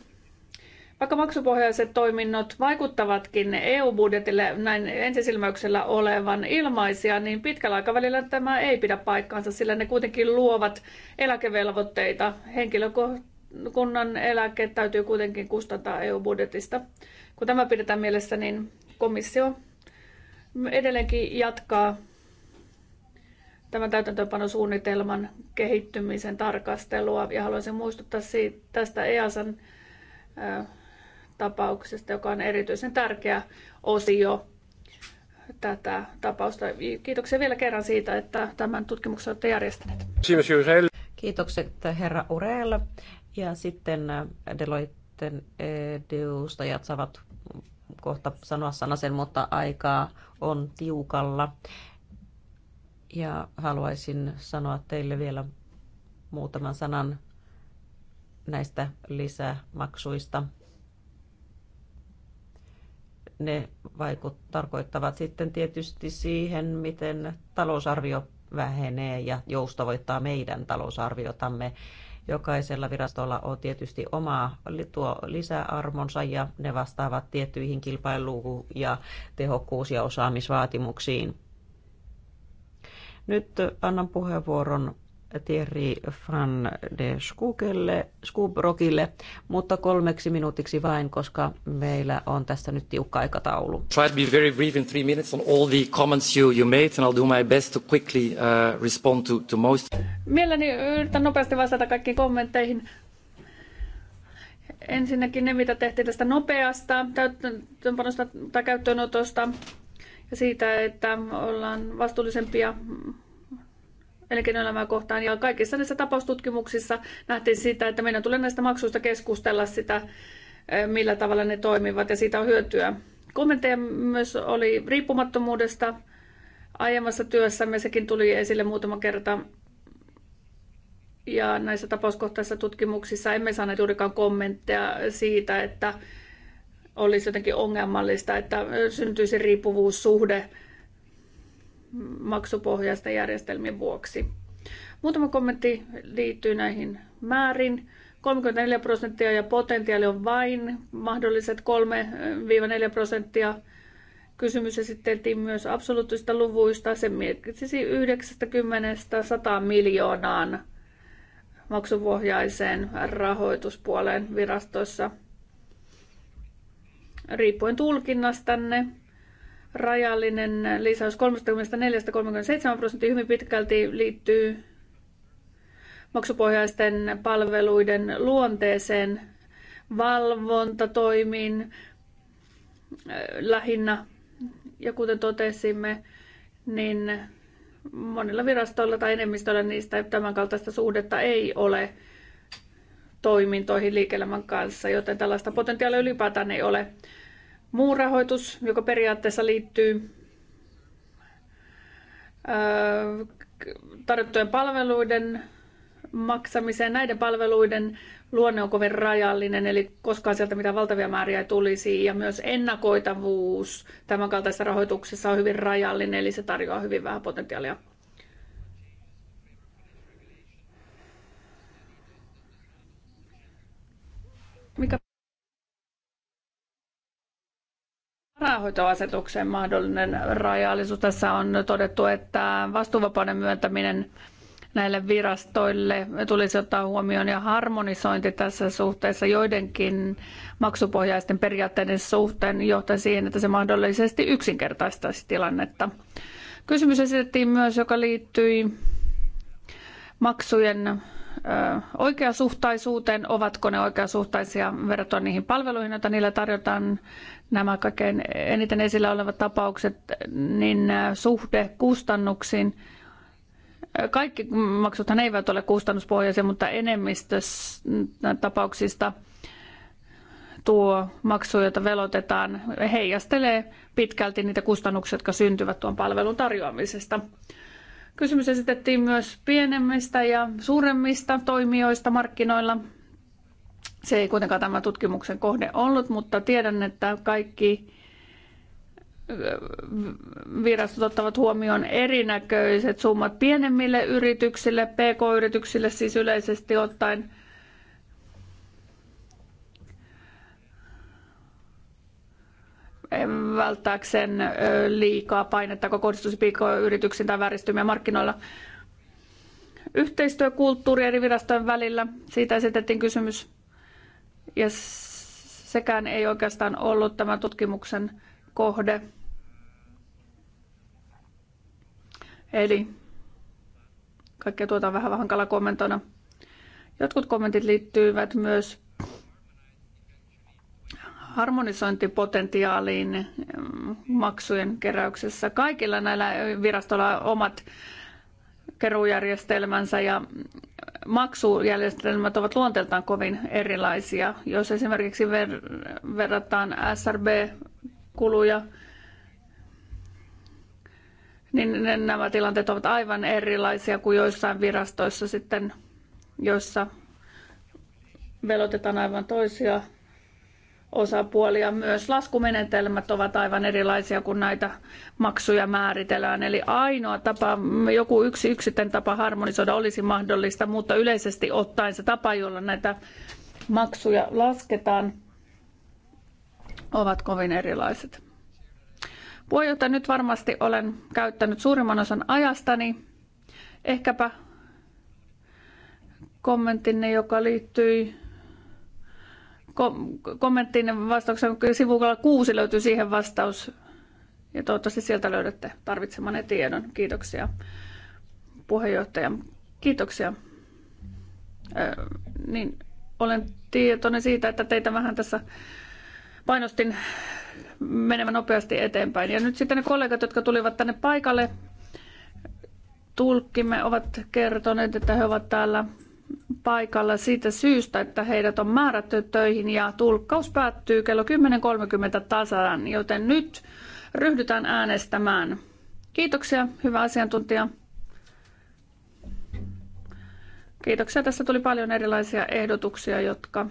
Speaker 4: vaikka maksupohjaiset toiminnot vaikuttavatkin EU-budjetille näin ensisilmäyksellä olevan ilmaisia, niin pitkällä aikavälillä tämä ei pidä paikkaansa, sillä ne kuitenkin luovat eläkevelvoitteita. Henkilökunnan eläke täytyy kuitenkin kustantaa EU-budjetista. Kun tämä pidetään mielessä, niin komissio edelleenkin jatkaa tämän täytäntöönpanosuunnitelman kehittymisen tarkastelua. Ja haluaisin muistuttaa siitä, tästä EASan tapauksesta, joka on erityisen tärkeä osio tätä tapausta. Kiitoksia vielä kerran siitä, että tämän tutkimuksen olette järjestäneet.
Speaker 1: Kiitokset herra Urel. Ja sitten äh, Deloitten edustajat saavat kohta sanoa sanasen, mutta aikaa on tiukalla. Ja haluaisin sanoa teille vielä muutaman sanan näistä lisämaksuista ne vaikut, tarkoittavat sitten tietysti siihen, miten talousarvio vähenee ja joustavoittaa meidän talousarviotamme. Jokaisella virastolla on tietysti oma tuo lisäarmonsa ja ne vastaavat tiettyihin kilpailu- ja tehokkuus- ja osaamisvaatimuksiin. Nyt annan puheenvuoron Thierry van de Skukelle, Skubrokille, mutta kolmeksi minuutiksi vain, koska meillä on tässä nyt tiukka aikataulu.
Speaker 4: Try to be very brief in three minutes on all the comments you, you made, and I'll do my best to quickly uh, respond to, to most. Mielelläni yritän nopeasti vastata kaikkiin kommentteihin. Ensinnäkin ne, mitä tehtiin tästä nopeasta täyttöönpanosta tai käyttöönotosta ja siitä, että ollaan vastuullisempia elinkeinoelämää kohtaan. Ja kaikissa näissä tapaustutkimuksissa nähtiin sitä, että meidän tulee näistä maksuista keskustella sitä, eh, millä tavalla ne toimivat ja siitä on hyötyä. Kommentteja myös oli riippumattomuudesta. Aiemmassa työssämme sekin tuli esille muutama kerta. Ja näissä tapauskohtaisissa tutkimuksissa emme saaneet juurikaan kommentteja siitä, että olisi jotenkin ongelmallista, että syntyisi riippuvuussuhde maksupohjaisten järjestelmien vuoksi. Muutama kommentti liittyy näihin määrin. 34 prosenttia ja potentiaali on vain mahdolliset 3-4 prosenttia. Kysymys esiteltiin myös absoluuttisista luvuista. Se merkitsisi 90-100 miljoonaan maksupohjaiseen rahoituspuoleen virastoissa. Riippuen tulkinnastanne, rajallinen lisäys 34-37 prosenttia hyvin pitkälti liittyy maksupohjaisten palveluiden luonteeseen, valvontatoimiin äh, lähinnä. Ja kuten totesimme, niin monilla virastoilla tai enemmistöllä niistä tämänkaltaista suhdetta ei ole toimintoihin liike kanssa, joten tällaista potentiaalia ylipäätään ei ole muu rahoitus, joka periaatteessa liittyy tarjottujen palveluiden maksamiseen. Näiden palveluiden luonne on kovin rajallinen, eli koskaan sieltä mitä valtavia määriä ei tulisi. Ja myös ennakoitavuus kaltaisessa rahoituksessa on hyvin rajallinen, eli se tarjoaa hyvin vähän potentiaalia. Mikä Rahoitoasetuksen mahdollinen rajallisuus. Tässä on todettu, että vastuuvapauden myöntäminen näille virastoille tulisi ottaa huomioon ja harmonisointi tässä suhteessa joidenkin maksupohjaisten periaatteiden suhteen johtaa siihen, että se mahdollisesti yksinkertaistaisi tilannetta. Kysymys esitettiin myös, joka liittyi maksujen oikeasuhtaisuuteen, ovatko ne oikeasuhtaisia verrattuna niihin palveluihin, joita niillä tarjotaan. Nämä kaikkein eniten esillä olevat tapaukset, niin suhde kustannuksiin. Kaikki maksuthan eivät ole kustannuspohjaisia, mutta enemmistö tapauksista tuo maksu, jota velotetaan, heijastelee pitkälti niitä kustannuksia, jotka syntyvät tuon palvelun tarjoamisesta. Kysymys esitettiin myös pienemmistä ja suuremmista toimijoista markkinoilla. Se ei kuitenkaan tämä tutkimuksen kohde ollut, mutta tiedän, että kaikki äh, virastot ottavat huomioon erinäköiset summat pienemmille yrityksille, pk-yrityksille siis yleisesti ottaen – välttääkseen liikaa painetta, koko kohdistuisi pk-yrityksiin tai vääristymiä markkinoilla. Yhteistyökulttuuri eri virastojen välillä, siitä esitettiin kysymys. Ja sekään ei oikeastaan ollut tämän tutkimuksen kohde. Eli kaikkea tuota on vähän hankala kommentoida. Jotkut kommentit liittyivät myös harmonisointipotentiaaliin mm, maksujen keräyksessä. Kaikilla näillä virastoilla on omat keruujärjestelmänsä ja maksujärjestelmät ovat luonteeltaan kovin erilaisia. Jos esimerkiksi ver- verrataan SRB-kuluja, niin nämä tilanteet ovat aivan erilaisia kuin joissain virastoissa sitten, joissa velotetaan aivan toisia osapuolia. Myös laskumenetelmät ovat aivan erilaisia, kun näitä maksuja määritellään. Eli ainoa tapa, joku yksi yksittäinen tapa harmonisoida olisi mahdollista, mutta yleisesti ottaen se tapa, jolla näitä maksuja lasketaan, ovat kovin erilaiset. Puheenjohtaja, nyt varmasti olen käyttänyt suurimman osan ajastani. Ehkäpä kommenttinne, joka liittyi kommenttiin vastauksen sivulla kuusi löytyy siihen vastaus. Ja toivottavasti sieltä löydätte tarvitsemanne tiedon. Kiitoksia puheenjohtaja. Kiitoksia. Ö, niin, olen tietoinen siitä, että teitä vähän tässä painostin menemään nopeasti eteenpäin. Ja nyt sitten ne kollegat, jotka tulivat tänne paikalle, tulkkimme ovat kertoneet, että he ovat täällä paikalla siitä syystä, että heidät on määrätty töihin ja tulkkaus päättyy kello 10.30 tasan, joten nyt ryhdytään äänestämään. Kiitoksia, hyvä asiantuntija. Kiitoksia. Tässä tuli paljon erilaisia ehdotuksia, jotka,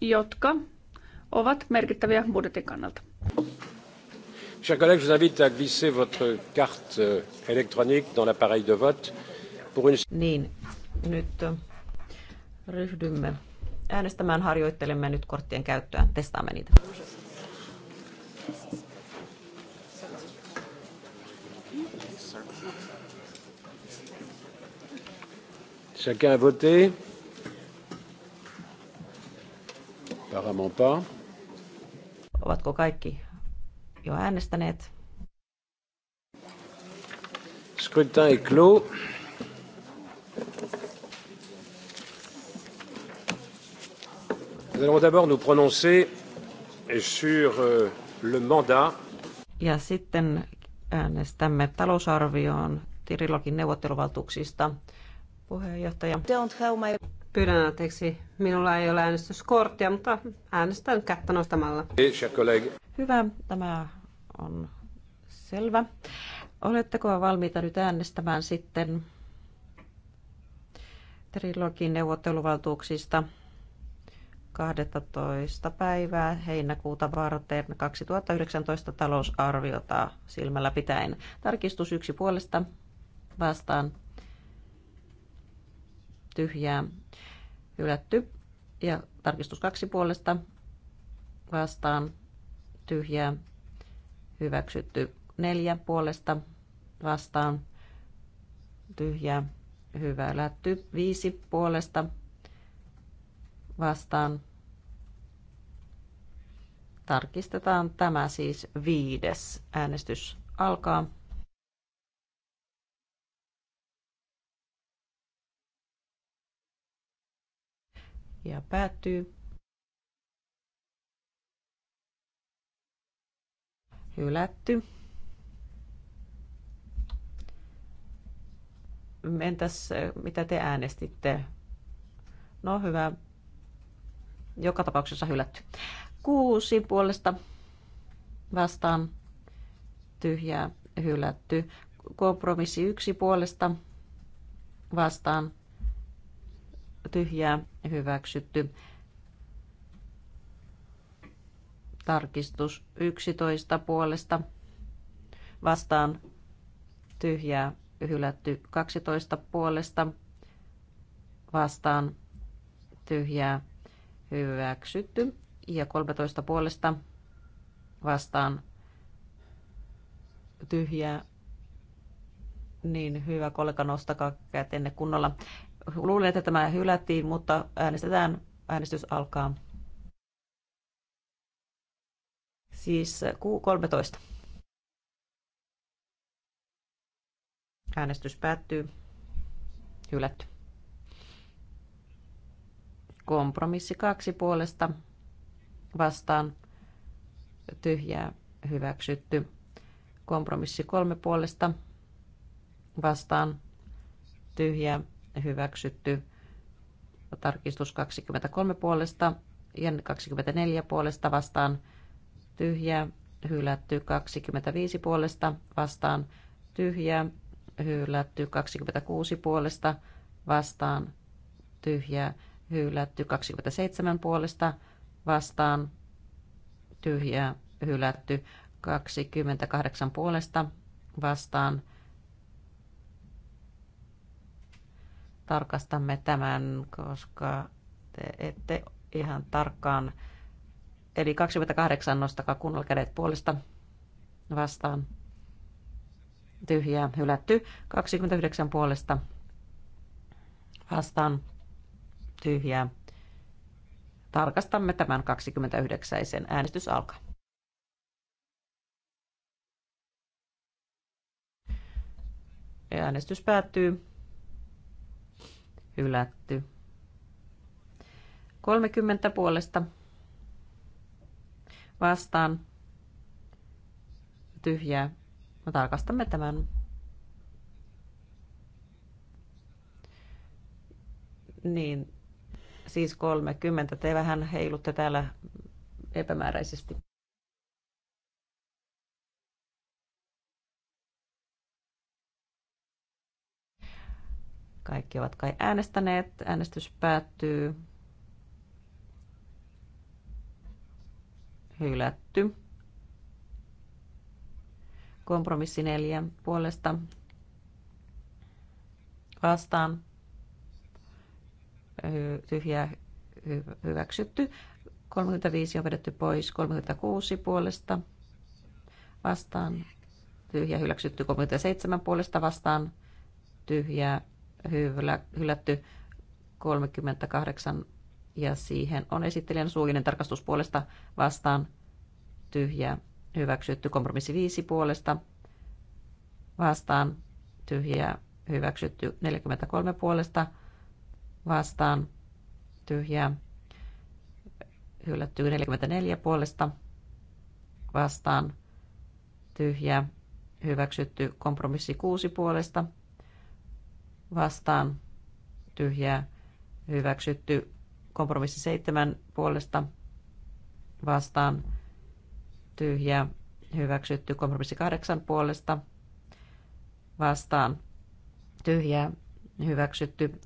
Speaker 4: jotka ovat merkittäviä budjetin kannalta.
Speaker 2: Chers collègues, je vous invite à glisser votre carte euh, électronique dans l'appareil de vote. Niin,
Speaker 1: nyt ryhdymme äänestämään, harjoittelemme nyt korttien käyttöä, testaamme niitä.
Speaker 2: Chacun a voté Apparemment pas. Ovatko kaikki
Speaker 1: jo äänestäneet?
Speaker 2: Scrutin est clos. Nous allons d'abord nous prononcer sur euh, le mandat.
Speaker 1: Ja sitten äänestämme talousarvioon Tirilokin neuvotteluvaltuuksista.
Speaker 3: Puheenjohtaja. Don't my... Pyydän anteeksi, minulla ei ole äänestyskorttia, mutta äänestän kättä nostamalla.
Speaker 1: Hyvä, tämä on selvä. Oletteko valmiita nyt äänestämään sitten trilogin neuvotteluvaltuuksista? 12. päivää heinäkuuta varten 2019 talousarviota silmällä pitäen. Tarkistus yksi puolesta vastaan tyhjää hylätty ja tarkistus kaksi puolesta vastaan tyhjää hyväksytty neljä puolesta vastaan tyhjää hyvälätty viisi puolesta vastaan. Tarkistetaan tämä siis viides. Äänestys alkaa. Ja päättyy. Hylätty. Entäs mitä te äänestitte? No hyvä, joka tapauksessa hylätty. Kuusi puolesta vastaan tyhjää hylätty. Kompromissi yksi puolesta vastaan tyhjää hyväksytty. Tarkistus 11 puolesta vastaan tyhjää hylätty 12 puolesta vastaan tyhjää hyväksytty. Ja 13 puolesta vastaan tyhjää. Niin hyvä kollega, nostakaa kätenne kunnolla. Luulen, että tämä hylättiin, mutta äänestetään. Äänestys alkaa. Siis Q13. Äänestys päättyy. Hylätty. Kompromissi kaksi puolesta vastaan tyhjää hyväksytty. Kompromissi kolme puolesta vastaan tyhjää hyväksytty. Tarkistus 23 puolesta ja 24 puolesta vastaan tyhjää hylätty. 25 puolesta vastaan tyhjää hylätty. 26 puolesta vastaan tyhjää hylätty 27 puolesta vastaan tyhjää hylätty 28 puolesta vastaan. Tarkastamme tämän, koska te ette ihan tarkkaan. Eli 28 nostakaa kunnolla kädet puolesta vastaan. Tyhjää hylätty 29 puolesta vastaan tyhjää. Tarkastamme tämän 29. Äänestys alkaa. Äänestys päättyy. Hylätty. 30 puolesta vastaan tyhjää. Me tarkastamme tämän. Niin, siis 30. Te vähän heilutte täällä epämääräisesti. Kaikki ovat kai äänestäneet. Äänestys päättyy. Hylätty. Kompromissi neljä puolesta. Vastaan tyhjää hyväksytty. 35 on vedetty pois, 36 puolesta vastaan, tyhjä hyväksytty, 37 puolesta vastaan, tyhjä hyvä, hylätty, 38 ja siihen on esittelijän suullinen tarkastus puolesta vastaan, tyhjä hyväksytty, kompromissi 5 puolesta vastaan, tyhjä hyväksytty, 43 puolesta vastaan tyhjää hylätty 44 puolesta vastaan tyhjää hyväksytty kompromissi 6 puolesta vastaan tyhjää hyväksytty kompromissi 7 puolesta vastaan tyhjää hyväksytty kompromissi 8 puolesta vastaan tyhjää hyväksytty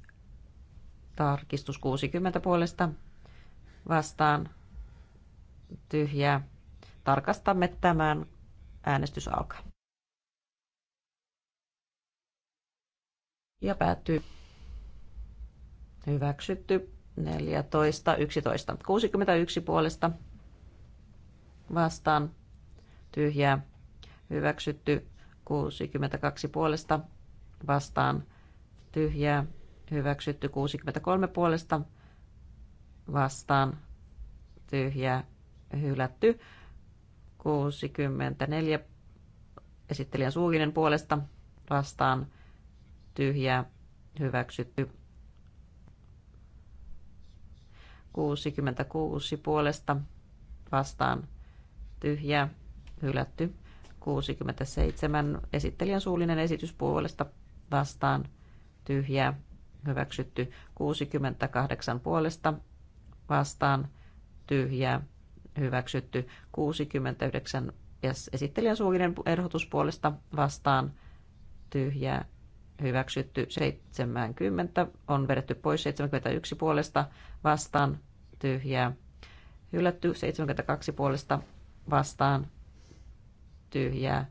Speaker 1: Tarkistus 60 puolesta vastaan tyhjää. Tarkastamme tämän. Äänestys alkaa. Ja päättyy. Hyväksytty. 14, 11, 61 puolesta vastaan tyhjää. Hyväksytty 62 puolesta vastaan tyhjää hyväksytty 63 puolesta vastaan tyhjä hylätty 64 esittelijän suullinen puolesta vastaan tyhjä hyväksytty 66 puolesta vastaan tyhjä hylätty 67 esittelijän suullinen esitys puolesta vastaan tyhjä hyväksytty 68 puolesta vastaan tyhjää hyväksytty 69 ja esittelijän suullinen ehdotus puolesta vastaan tyhjää hyväksytty 70 on vedetty pois 71 puolesta vastaan tyhjää hylätty 72 puolesta vastaan tyhjää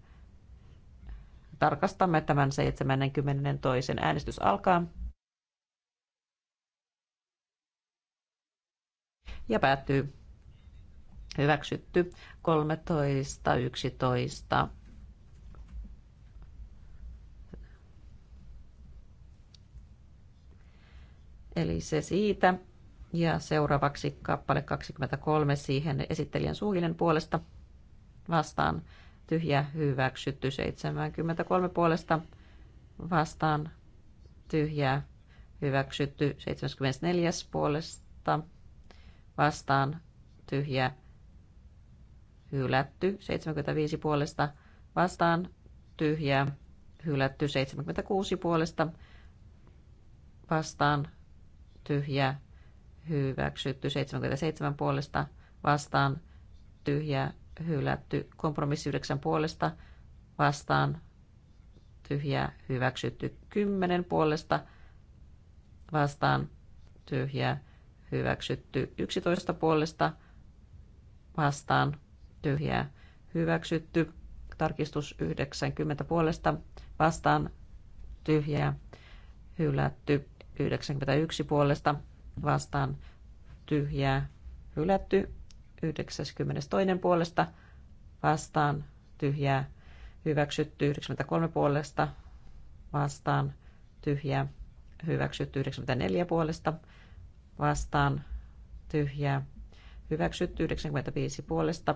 Speaker 1: tarkastamme tämän 72. Äänestys alkaa. ja päättyy. Hyväksytty 13, 11. Eli se siitä. Ja seuraavaksi kappale 23 siihen esittelijän suullinen puolesta vastaan tyhjä hyväksytty 73 puolesta vastaan tyhjä hyväksytty 74 puolesta vastaan tyhjä hylätty. 75 puolesta vastaan tyhjä hylätty. 76 puolesta vastaan tyhjä hyväksytty. 77 puolesta vastaan tyhjä hylätty. Kompromissi 9 puolesta vastaan tyhjä hyväksytty. 10 puolesta vastaan tyhjä hyväksytty 11 puolesta vastaan tyhjää hyväksytty. Tarkistus 90 puolesta vastaan tyhjää hylätty 91 puolesta vastaan tyhjää hylätty 92 puolesta vastaan tyhjää hyväksytty 93 puolesta vastaan tyhjää hyväksytty 94 puolesta vastaan tyhjää. Hyväksytty 95 puolesta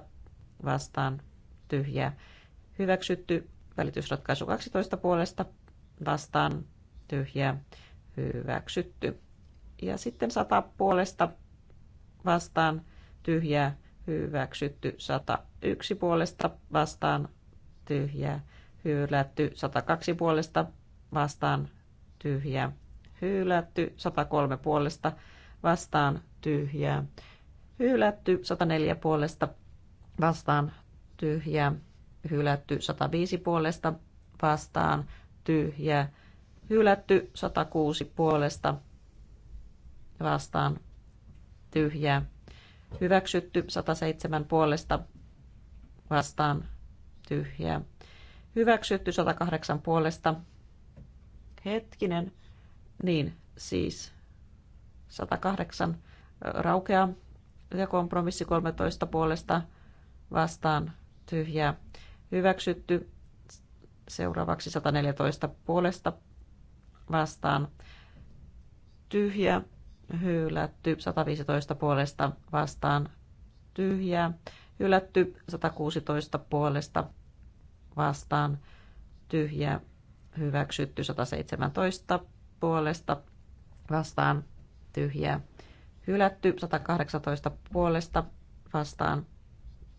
Speaker 1: vastaan tyhjää. Hyväksytty välitysratkaisu 12 puolesta vastaan tyhjää. Hyväksytty. Ja sitten 100 puolesta vastaan tyhjää. Hyväksytty 101 puolesta vastaan tyhjää. Hylätty 102 puolesta vastaan tyhjää. Hylätty 103 puolesta vastaan, vastaan tyhjää. Hylätty 104 puolesta vastaan tyhjää. Hylätty 105 puolesta vastaan tyhjää. Hylätty 106 puolesta vastaan tyhjää. Hyväksytty 107 puolesta vastaan tyhjää. Hyväksytty 108 puolesta. Hetkinen. Niin, siis 108 raukeaa ja kompromissi 13 puolesta vastaan tyhjää hyväksytty. Seuraavaksi 114 puolesta vastaan tyhjä hylätty. 115 puolesta vastaan tyhjää hylätty. 116 puolesta vastaan tyhjä hyväksytty. 117 puolesta vastaan tyhjää hylätty, 118 puolesta vastaan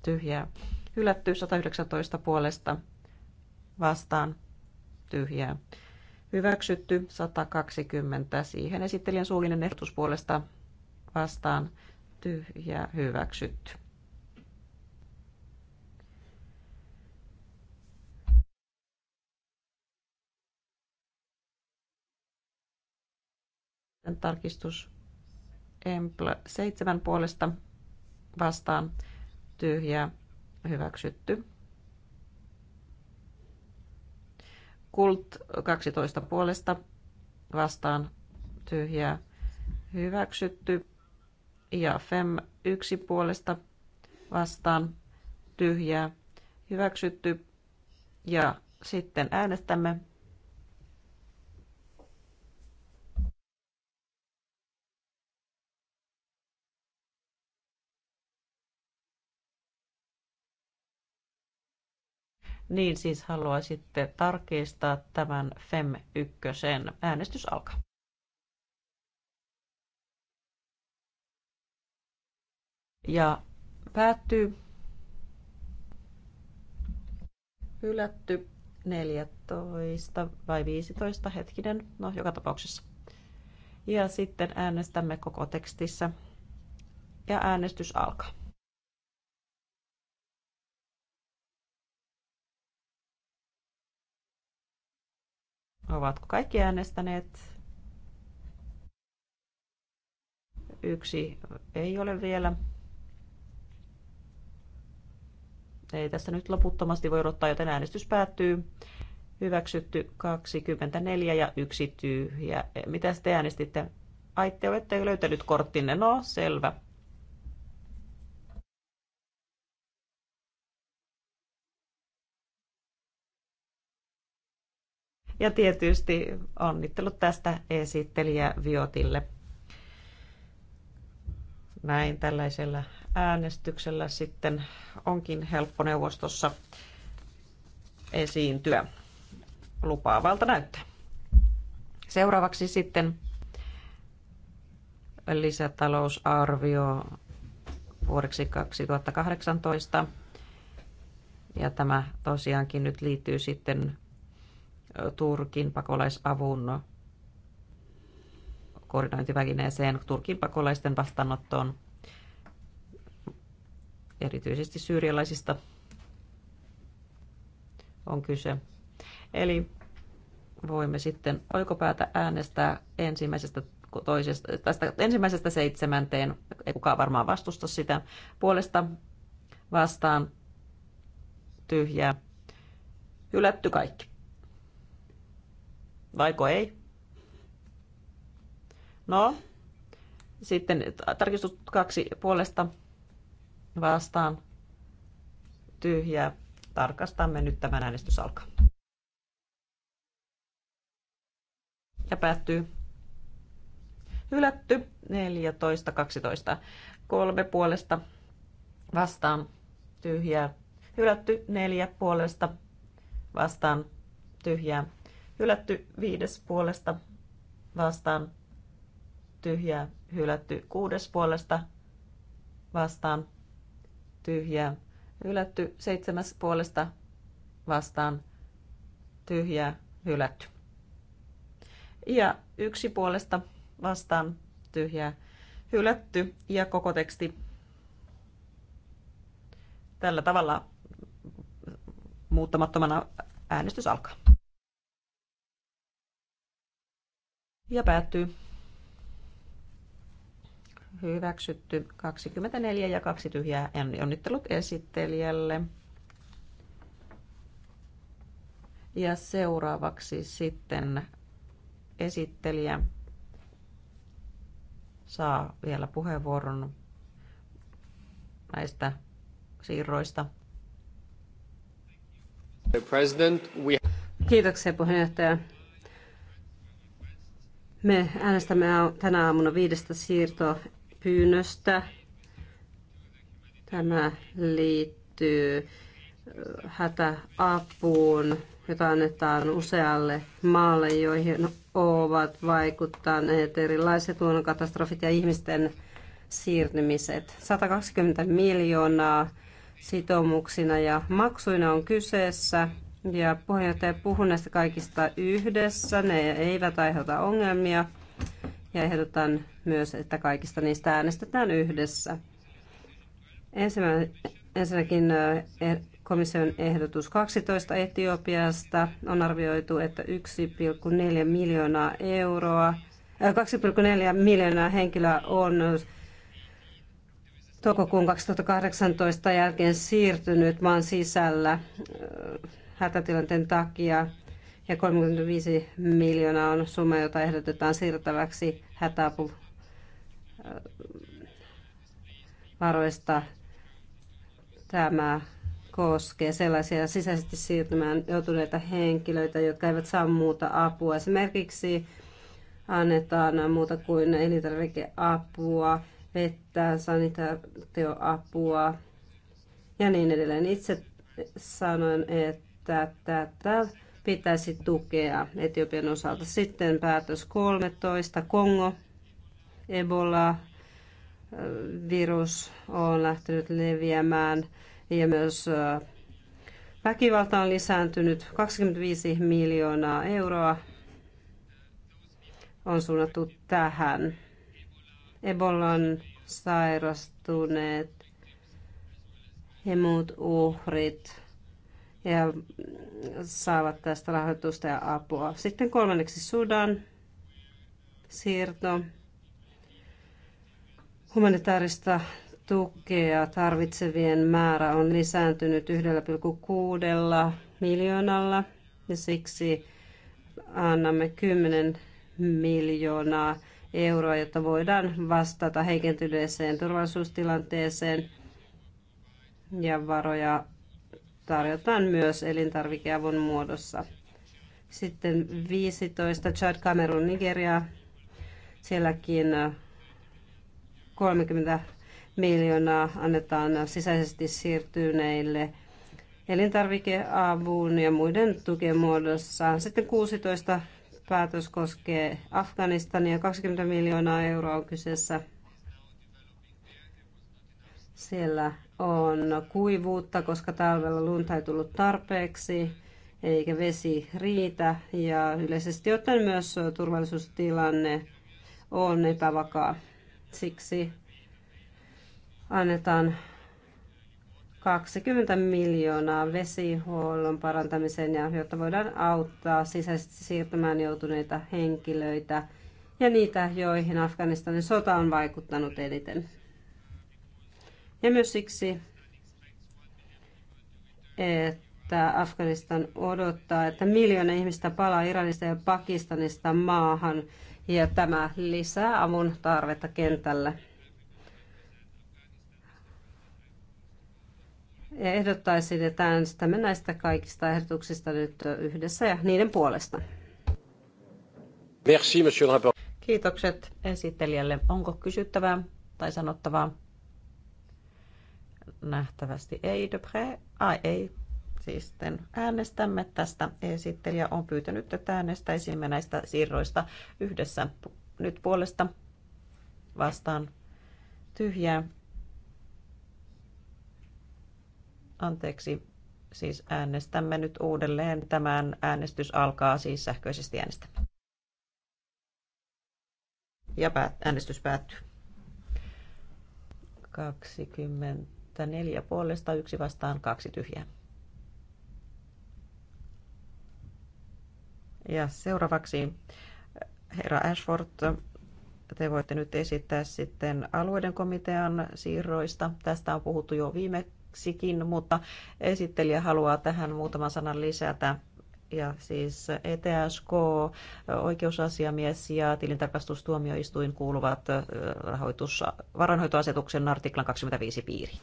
Speaker 1: tyhjää hylätty, 119 puolesta vastaan tyhjää hyväksytty, 120 siihen esittelijän suullinen ehdotus puolesta vastaan tyhjää hyväksytty. tarkistus Emple 7 puolesta vastaan tyhjää hyväksytty. Kult 12 puolesta vastaan tyhjää hyväksytty. Ja Fem 1 puolesta vastaan tyhjää hyväksytty. Ja sitten äänestämme niin siis haluaisitte tarkistaa tämän FEM1. Äänestys alkaa. Ja päättyy. Hylätty 14 vai 15 hetkinen, no joka tapauksessa. Ja sitten äänestämme koko tekstissä. Ja äänestys alkaa. Ovatko kaikki äänestäneet? Yksi ei ole vielä. Ei tässä nyt loputtomasti voi odottaa, joten äänestys päättyy. Hyväksytty 24 ja yksi tyhjä. Mitä te äänestitte? Ai, te olette löytänyt korttinne. No, selvä. Ja tietysti onnittelut tästä esittelijä Viotille. Näin tällaisella äänestyksellä sitten onkin helppo neuvostossa esiintyä. Lupaavalta näyttää. Seuraavaksi sitten lisätalousarvio vuodeksi 2018. Ja tämä tosiaankin nyt liittyy sitten Turkin pakolaisavun koordinointivälineeseen, Turkin pakolaisten vastaanottoon, erityisesti syyrialaisista on kyse. Eli voimme sitten oikopäätä äänestää ensimmäisestä toisesta, tästä ensimmäisestä seitsemänteen, ei kukaan varmaan vastusta sitä, puolesta vastaan tyhjää, hylätty kaikki. Vaiko ei? No, sitten tarkistus kaksi puolesta vastaan tyhjää. Tarkastamme nyt tämän äänestys alkaa. Ja päättyy. Hylätty 14, 12, kolme puolesta vastaan tyhjää. Hylätty neljä puolesta vastaan tyhjää hylätty viides puolesta vastaan tyhjä hylätty kuudes puolesta vastaan tyhjä hylätty seitsemäs puolesta vastaan tyhjä hylätty. Ja yksi puolesta vastaan tyhjä hylätty ja koko teksti tällä tavalla muuttamattomana äänestys alkaa. Ja päättyy. Hyväksytty 24 ja kaksi tyhjää. Onnittelut esittelijälle. Ja seuraavaksi sitten esittelijä saa vielä puheenvuoron näistä siirroista.
Speaker 2: President, we...
Speaker 3: Kiitoksia puheenjohtaja. Me äänestämme tänä aamuna viidestä siirtopyynnöstä. Tämä liittyy äh, hätäapuun, jota annetaan usealle maalle, joihin ovat vaikuttaneet erilaiset luonnonkatastrofit ja ihmisten siirtymiset. 120 miljoonaa sitoumuksina ja maksuina on kyseessä. Ja puheenjohtaja puhuu näistä kaikista yhdessä. Ne eivät aiheuta ongelmia. Ja ehdotan myös, että kaikista niistä äänestetään yhdessä. Ensinnäkin eh, eh, komission ehdotus 12 Etiopiasta on arvioitu, että 1,4 miljoonaa euroa, 2,4 eh, miljoonaa henkilöä on toukokuun 2018 jälkeen siirtynyt maan sisällä hätätilanteen takia ja 35 miljoonaa on summa, jota ehdotetaan siirtäväksi hätäapu äh, varoista. Tämä koskee sellaisia sisäisesti siirtymään joutuneita henkilöitä, jotka eivät saa muuta apua. Esimerkiksi annetaan muuta kuin elintarvikeapua, vettä, sanitaatioapua ja niin edelleen. Itse sanoin, että että tätä pitäisi tukea Etiopian osalta. Sitten päätös 13, Kongo, Ebola, virus on lähtenyt leviämään ja myös väkivalta on lisääntynyt. 25 miljoonaa euroa on suunnattu tähän. Ebolan sairastuneet ja muut uhrit ja saavat tästä rahoitusta ja apua. Sitten kolmanneksi Sudan siirto. Humanitaarista tukea tarvitsevien määrä on lisääntynyt 1,6 miljoonalla ja siksi annamme 10 miljoonaa euroa, jotta voidaan vastata heikentyneeseen turvallisuustilanteeseen ja varoja tarjotaan myös elintarvikeavun muodossa. Sitten 15 Chad, Kamerun, Nigeria. Sielläkin 30 miljoonaa annetaan sisäisesti siirtyneille elintarvikeavun ja muiden tukien muodossa. Sitten 16 päätös koskee Afganistania. 20 miljoonaa euroa on kyseessä siellä on kuivuutta, koska talvella lunta ei tullut tarpeeksi eikä vesi riitä ja yleisesti ottaen myös turvallisuustilanne on epävakaa. Siksi annetaan 20 miljoonaa vesihuollon parantamiseen, ja jotta voidaan auttaa sisäisesti siirtämään joutuneita henkilöitä ja niitä, joihin Afganistanin sota on vaikuttanut eniten. Ja myös siksi, että Afganistan odottaa, että miljoona ihmistä palaa Iranista ja Pakistanista maahan ja tämä lisää avun tarvetta kentällä. Ja ehdottaisin, että äänestämme näistä kaikista ehdotuksista nyt
Speaker 1: yhdessä ja niiden puolesta.
Speaker 2: Merci, monsieur le
Speaker 1: Kiitokset esittelijälle. Onko kysyttävää tai sanottavaa? nähtävästi ei. Depre, ai ei. Siis sitten äänestämme tästä. Esittelijä on pyytänyt, että äänestäisimme näistä siirroista yhdessä. Nyt puolesta vastaan tyhjää. Anteeksi, siis äänestämme nyt uudelleen. Tämän äänestys alkaa siis sähköisesti äänestämme. Ja päät- äänestys päättyy. 20 Neljä puolesta, yksi vastaan, kaksi tyhjää. Ja seuraavaksi herra Ashford, te voitte nyt esittää sitten alueiden komitean siirroista. Tästä on puhuttu jo viimeksikin, mutta esittelijä haluaa tähän muutaman sanan lisätä ja siis ETSK, oikeusasiamies ja tilintarkastustuomioistuin kuuluvat äh, rahoitus, varanhoitoasetuksen artiklan 25 piiriin.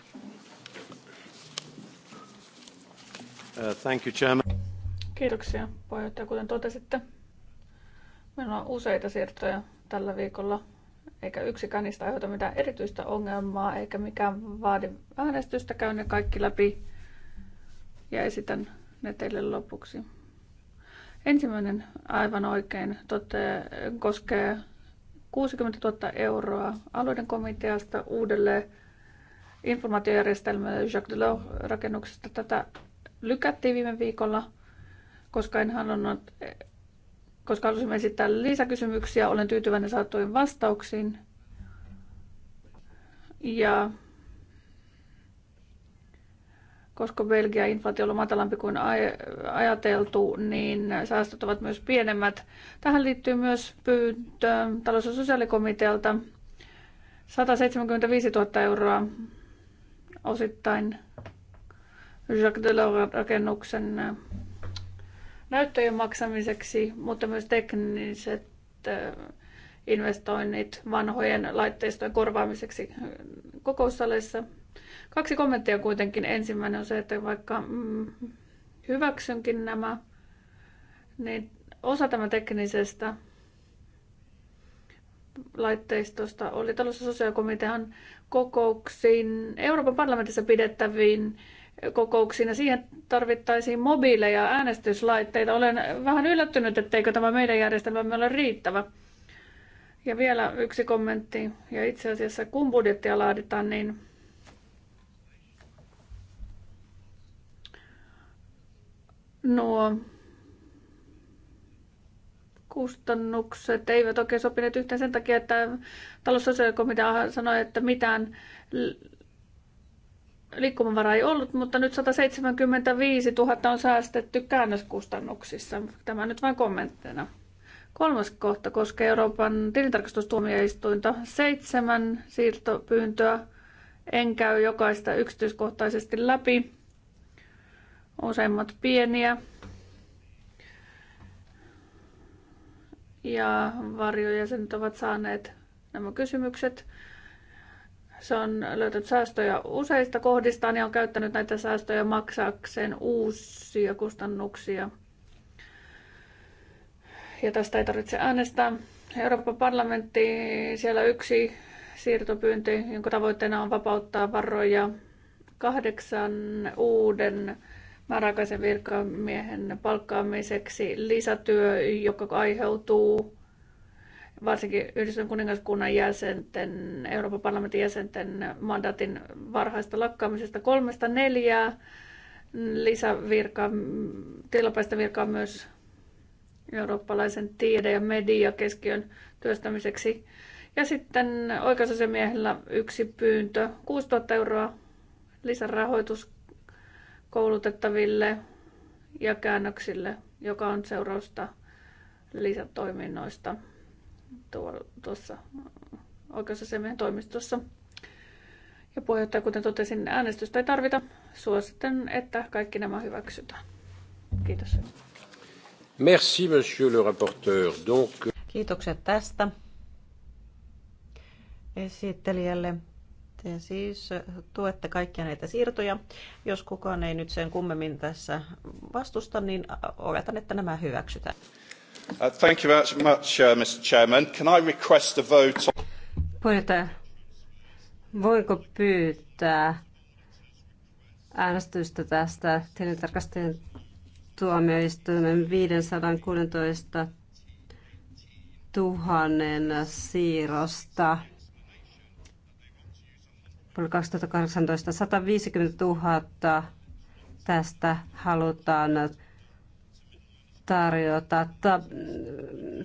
Speaker 2: Uh, thank you, Chairman.
Speaker 4: Kiitoksia puheenjohtaja. Kuten totesitte, meillä on useita siirtoja tällä viikolla, eikä yksikään niistä aiheuta mitään erityistä ongelmaa, eikä mikään vaadi äänestystä. Käyn ne kaikki läpi ja esitän ne teille lopuksi. Ensimmäinen aivan oikein tote, koskee 60 000 euroa alueiden komiteasta uudelle informaatiojärjestelmälle Jacques Delors-rakennuksesta. Tätä lykättiin viime viikolla, koska en halunnut, koska halusimme esittää lisäkysymyksiä. Olen tyytyväinen saatuin vastauksiin. Ja koska Belgia inflaatio on matalampi kuin ajateltu, niin säästöt ovat myös pienemmät. Tähän liittyy myös pyyntö talous- ja sosiaalikomitealta 175 000 euroa osittain Jacques Delors-rakennuksen äh, näyttöjen maksamiseksi, mutta myös tekniset äh, investoinnit vanhojen laitteistojen korvaamiseksi äh, kokoussaleissa. Kaksi kommenttia kuitenkin. Ensimmäinen on se, että vaikka mm, hyväksynkin nämä, niin osa tämä teknisestä laitteistosta oli ja sosiaalikomitean kokouksiin Euroopan parlamentissa pidettäviin kokouksiin ja siihen tarvittaisiin mobiileja äänestyslaitteita. Olen vähän yllättynyt, etteikö tämä meidän järjestelmämme ole riittävä. Ja vielä yksi kommentti. Ja itse asiassa kun budjettia laaditaan, niin nuo kustannukset eivät oikein sopineet yhteen sen takia, että talous sanoi, että mitään liikkumavaraa ei ollut, mutta nyt 175 000 on säästetty käännöskustannuksissa. Tämä nyt vain kommenttina. Kolmas kohta koskee Euroopan tilintarkastustuomioistuinta. Seitsemän siirtopyyntöä. En käy jokaista yksityiskohtaisesti läpi. Useimmat pieniä. Ja varjojäsenet ovat saaneet nämä kysymykset. Se on löytänyt säästöjä useista kohdistaan ja on käyttänyt näitä säästöjä maksaakseen uusia kustannuksia. Ja tästä ei tarvitse äänestää. Euroopan parlamentti, siellä yksi siirtopyynti, jonka tavoitteena on vapauttaa varoja kahdeksan uuden määräaikaisen virkamiehen palkkaamiseksi lisätyö, joka aiheutuu varsinkin Yhdistyneen kuningaskunnan jäsenten, Euroopan parlamentin jäsenten mandaatin varhaista lakkaamisesta kolmesta neljää lisävirka, tilapäistä virkaa myös eurooppalaisen tiede- ja mediakeskiön työstämiseksi. Ja sitten oikeusasiamiehellä yksi pyyntö, 6000 euroa lisärahoitus koulutettaville ja käännöksille, joka on seurausta lisätoiminnoista tuossa äh, oikeusasiamiehen toimistossa. Ja puheenjohtaja, kuten totesin, äänestystä ei tarvita. Suosittelen, että kaikki nämä hyväksytään. Kiitos.
Speaker 2: Merci, monsieur le rapporteur. Donc...
Speaker 1: Kiitokset tästä esittelijälle. Te siis tuette kaikkia näitä siirtoja. Jos kukaan ei nyt sen kummemmin tässä vastusta, niin oletan, että nämä hyväksytään.
Speaker 4: Uh, Mr. Uh, Chairman.
Speaker 1: Puheenjohtaja, voinko pyytää
Speaker 3: äänestystä tästä tilintarkastajien tuomioistuimen 516 tuhannen siirrosta. Vuonna 2018 150 000 tästä halutaan tarjota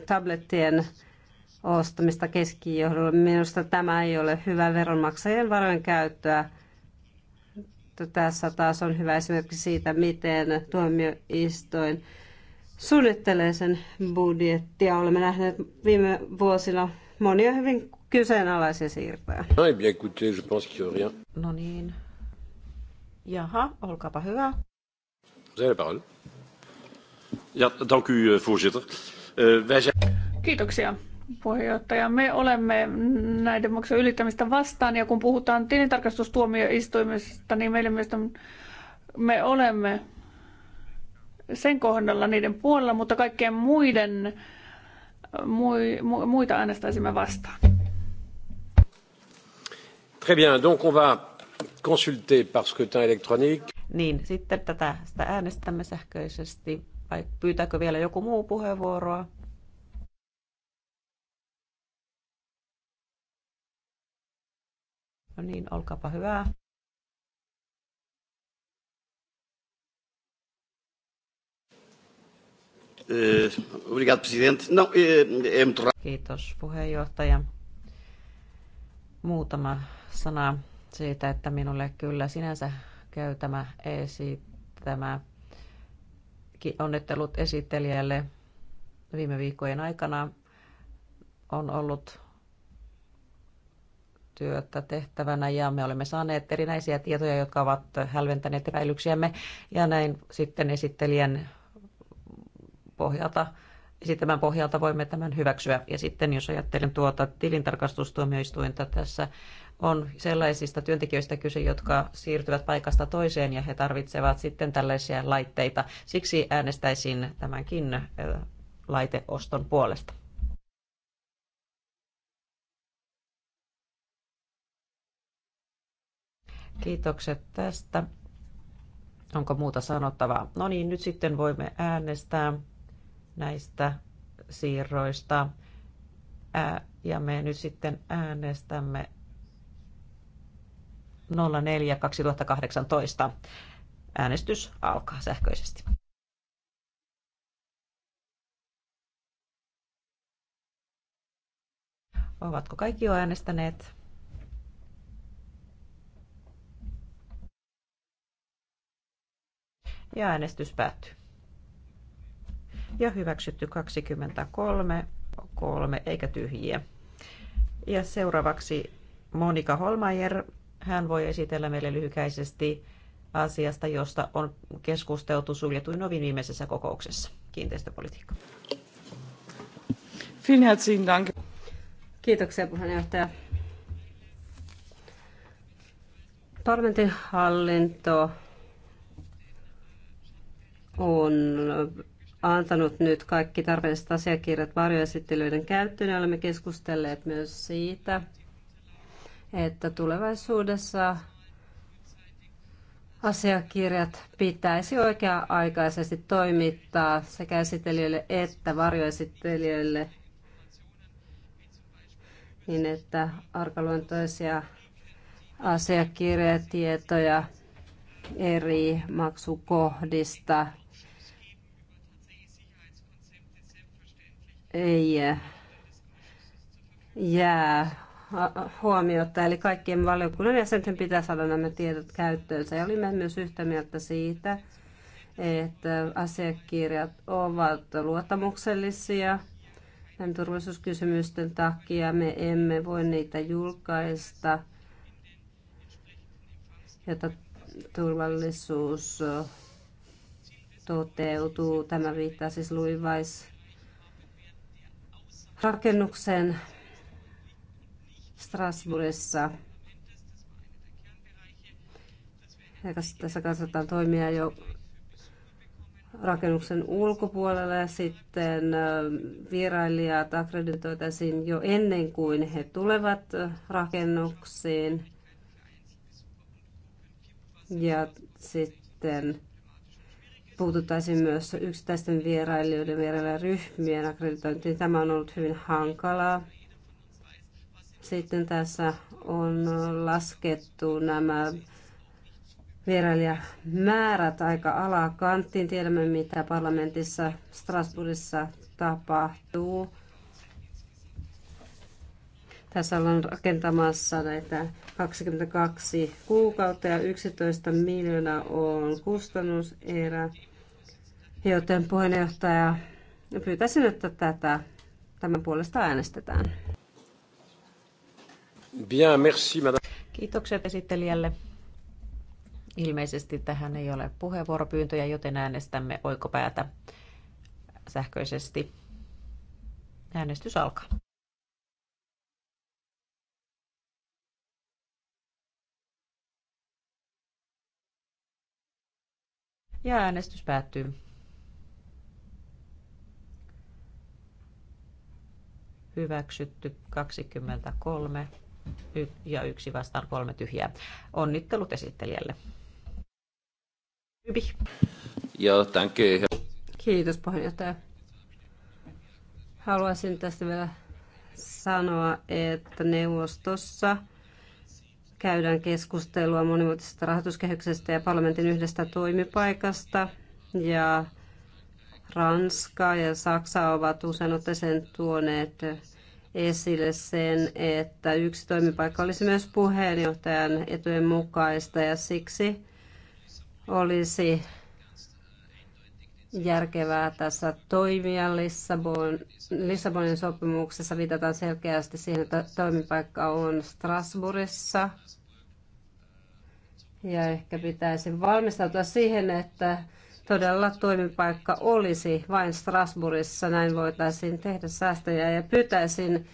Speaker 3: tablettien ostamista keskijohdolle. Minusta tämä ei ole hyvä veronmaksajien varojen käyttöä. Tässä taas on hyvä esimerkki siitä, miten tuomioistuin suunnittelee sen budjettia. Olemme nähneet viime vuosina monia
Speaker 1: hyvin kyseenalaisia siirtoja.
Speaker 2: No, eh
Speaker 1: no niin.
Speaker 4: Jaha, olkaapa hyvä.
Speaker 2: Vous avez la parole. Ja, dank u, eh, voorzitter. Eh,
Speaker 4: Kiitoksia puheenjohtaja. Me olemme näiden maksujen ylittämistä vastaan ja kun puhutaan tilintarkastustuomioistuimesta, niin meille myös me olemme sen kohdalla niiden puolella, mutta kaikkien muiden muita äänestäisimme vastaan.
Speaker 2: Très bien, donc on va consulter par scrutin électronique.
Speaker 1: Niin, sitten tätä sitä äänestämme sähköisesti. Vai pyytääkö vielä joku muu puheenvuoroa? No niin, olkaapa hyvää.
Speaker 4: Eh, obrigado, eh,
Speaker 1: Kiitos, puheenjohtaja. Muutama sana siitä, että minulle kyllä sinänsä käy tämä esittämä kaikki onnittelut esittelijälle viime viikkojen aikana on ollut työtä tehtävänä ja me olemme saaneet erinäisiä tietoja, jotka ovat hälventäneet epäilyksiämme ja näin sitten esittelijän pohjalta esittämän pohjalta voimme tämän hyväksyä. Ja sitten jos ajattelen tuota tilintarkastustuomioistuinta tässä on sellaisista työntekijöistä kyse, jotka siirtyvät paikasta toiseen ja he tarvitsevat sitten tällaisia laitteita. Siksi äänestäisin tämänkin laiteoston puolesta. Kiitokset tästä. Onko muuta sanottavaa? No niin, nyt sitten voimme äänestää näistä siirroista. Ää, ja me nyt sitten äänestämme 04.2018. Äänestys alkaa sähköisesti. Ovatko kaikki jo äänestäneet? Ja äänestys päättyy. Ja hyväksytty 23, 3 eikä tyhjiä. Ja seuraavaksi Monika Holmajer hän voi esitellä meille lyhykäisesti asiasta, josta on keskusteltu suljetuin ovin viimeisessä kokouksessa, kiinteistöpolitiikka. Kiitoksia
Speaker 3: puheenjohtaja. Parlamentin hallinto on antanut nyt kaikki tarpeelliset asiakirjat varjoesittelyiden käyttöön. ja Olemme keskustelleet myös siitä, että tulevaisuudessa asiakirjat pitäisi oikea-aikaisesti toimittaa sekä esittelijöille että varjoesittelijöille niin, että arkaluontoisia asiakirjatietoja eri maksukohdista ei jää huomiota, eli kaikkien valiokunnan jäsenten pitää saada nämä tiedot käyttöönsä. Ja olimme myös yhtä mieltä siitä, että asiakirjat ovat luottamuksellisia tämän turvallisuuskysymysten takia. Me emme voi niitä julkaista, jotta turvallisuus toteutuu. Tämä viittaa siis luivais rakennuksen Strasbourgissa. Ja tässä katsotaan toimia jo rakennuksen ulkopuolella ja sitten vierailijat akkreditoitaisiin jo ennen kuin he tulevat rakennuksiin. Ja sitten puututtaisiin myös yksittäisten vierailijoiden vierailijaryhmien akkreditointiin. Tämä on ollut hyvin hankalaa. Sitten tässä on laskettu nämä vierailijamäärät aika alakanttiin. Tiedämme, mitä parlamentissa Strasbourgissa tapahtuu. Tässä ollaan rakentamassa näitä 22 kuukautta ja 11 miljoonaa on kustannuserä. Joten puheenjohtaja, pyytäisin, että tätä, tämän puolesta äänestetään.
Speaker 2: Bien, merci, madame.
Speaker 1: Kiitokset esittelijälle. Ilmeisesti tähän ei ole puheenvuoropyyntöjä, joten äänestämme oikopäätä sähköisesti. Äänestys alkaa. Ja äänestys päättyy. Hyväksytty 23 ja yksi vastaan kolme tyhjää. Onnittelut esittelijälle. Hyvi.
Speaker 2: Joo, you.
Speaker 1: Kiitos puheenjohtaja.
Speaker 3: Haluaisin tästä vielä sanoa, että neuvostossa käydään keskustelua monimuotoisesta rahoituskehyksestä ja parlamentin yhdestä toimipaikasta. Ja Ranska ja Saksa ovat usein otteeseen tuoneet esille sen, että yksi toimipaikka olisi myös puheenjohtajan etujen mukaista ja siksi olisi järkevää tässä toimia Lissabon, Lissabonin sopimuksessa. Viitataan selkeästi siihen, että toimipaikka on Strasbourgissa. Ja ehkä pitäisi valmistautua siihen, että todella toimipaikka olisi vain Strasbourgissa, näin voitaisiin tehdä säästöjä ja pyytäisin,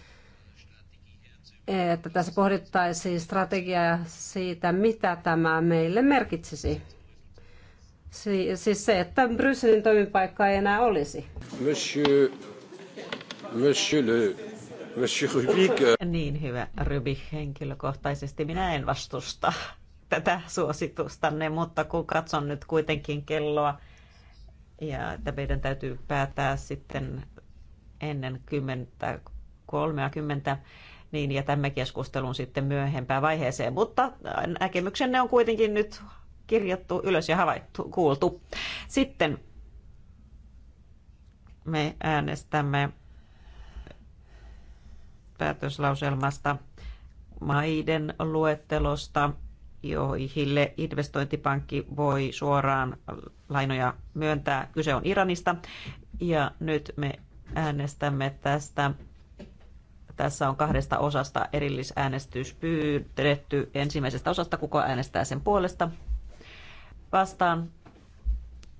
Speaker 3: että tässä pohdittaisiin strategiaa siitä, mitä tämä meille merkitsisi. Siis se, että Brysselin toimipaikka ei enää olisi.
Speaker 2: Monsieur, monsieur le, monsieur Rubik.
Speaker 1: Niin hyvä Rubik henkilökohtaisesti. Minä en vastusta tätä suositustanne, mutta kun katson nyt kuitenkin kelloa, ja että meidän täytyy päättää sitten ennen 30, niin jätämme keskustelun sitten myöhempään vaiheeseen. Mutta näkemyksenne on kuitenkin nyt kirjattu ylös ja havaittu, kuultu. Sitten me äänestämme päätöslauselmasta maiden luettelosta joihin investointipankki voi suoraan lainoja myöntää. Kyse on Iranista ja nyt me äänestämme tästä. Tässä on kahdesta osasta erillisäänestys pyydetty. Ensimmäisestä osasta kuka äänestää sen puolesta. Vastaan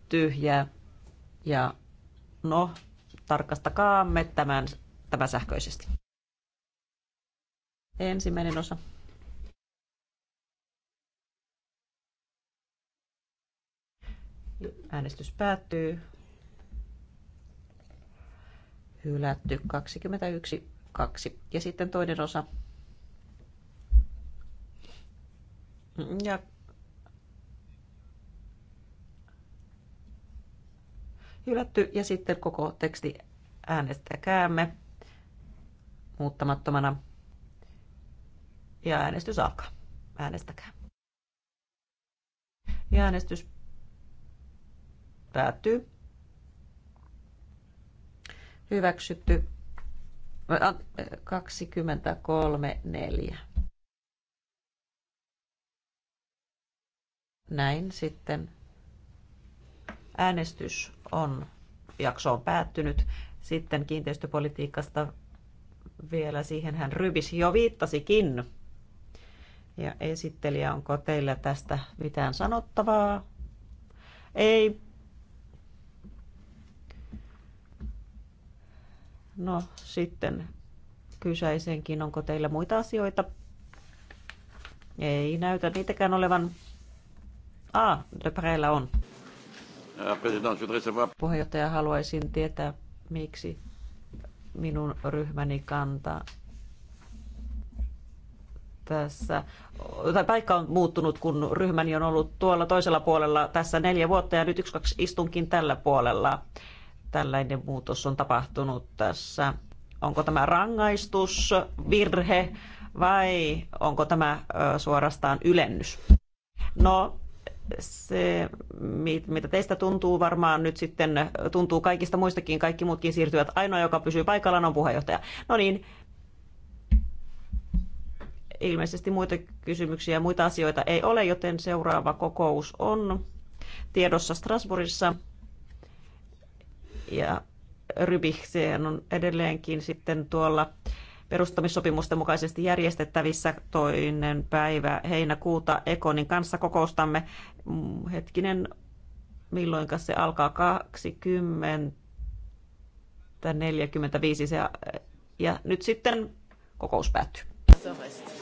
Speaker 1: tyhjä ja no tarkastakaamme tämän, tämä sähköisesti. Ensimmäinen osa. Äänestys päättyy. Hylätty 21, 2. Ja sitten toinen osa. Ja hylätty ja sitten koko teksti äänestäkäämme muuttamattomana. Ja äänestys alkaa. Äänestäkää. Ja äänestys Päättyy. Hyväksytty. 23.4. Näin sitten äänestys on, jakso on päättynyt. Sitten kiinteistöpolitiikasta vielä, siihen hän rybis jo viittasikin. Ja esittelijä, onko teillä tästä mitään sanottavaa? Ei No sitten kysäisenkin, onko teillä muita asioita? Ei näytä niitäkään olevan. Ah, Lepreillä on. Puheenjohtaja, haluaisin tietää, miksi minun ryhmäni kanta tässä, tai paikka on muuttunut, kun ryhmäni on ollut tuolla toisella puolella tässä neljä vuotta ja nyt yksi kaksi istunkin tällä puolella tällainen muutos on tapahtunut tässä. Onko tämä rangaistus, virhe vai onko tämä suorastaan ylennys? No, se, mitä teistä tuntuu varmaan nyt sitten, tuntuu kaikista muistakin, kaikki muutkin siirtyvät. Ainoa, joka pysyy paikallaan, on puheenjohtaja. No niin, ilmeisesti muita kysymyksiä ja muita asioita ei ole, joten seuraava kokous on tiedossa Strasbourgissa ja Rybikseen on edelleenkin sitten tuolla perustamissopimusten mukaisesti järjestettävissä toinen päivä heinäkuuta Ekonin kanssa kokoustamme. Hetkinen, milloin se alkaa? 20 45 se, ja nyt sitten kokous päättyy.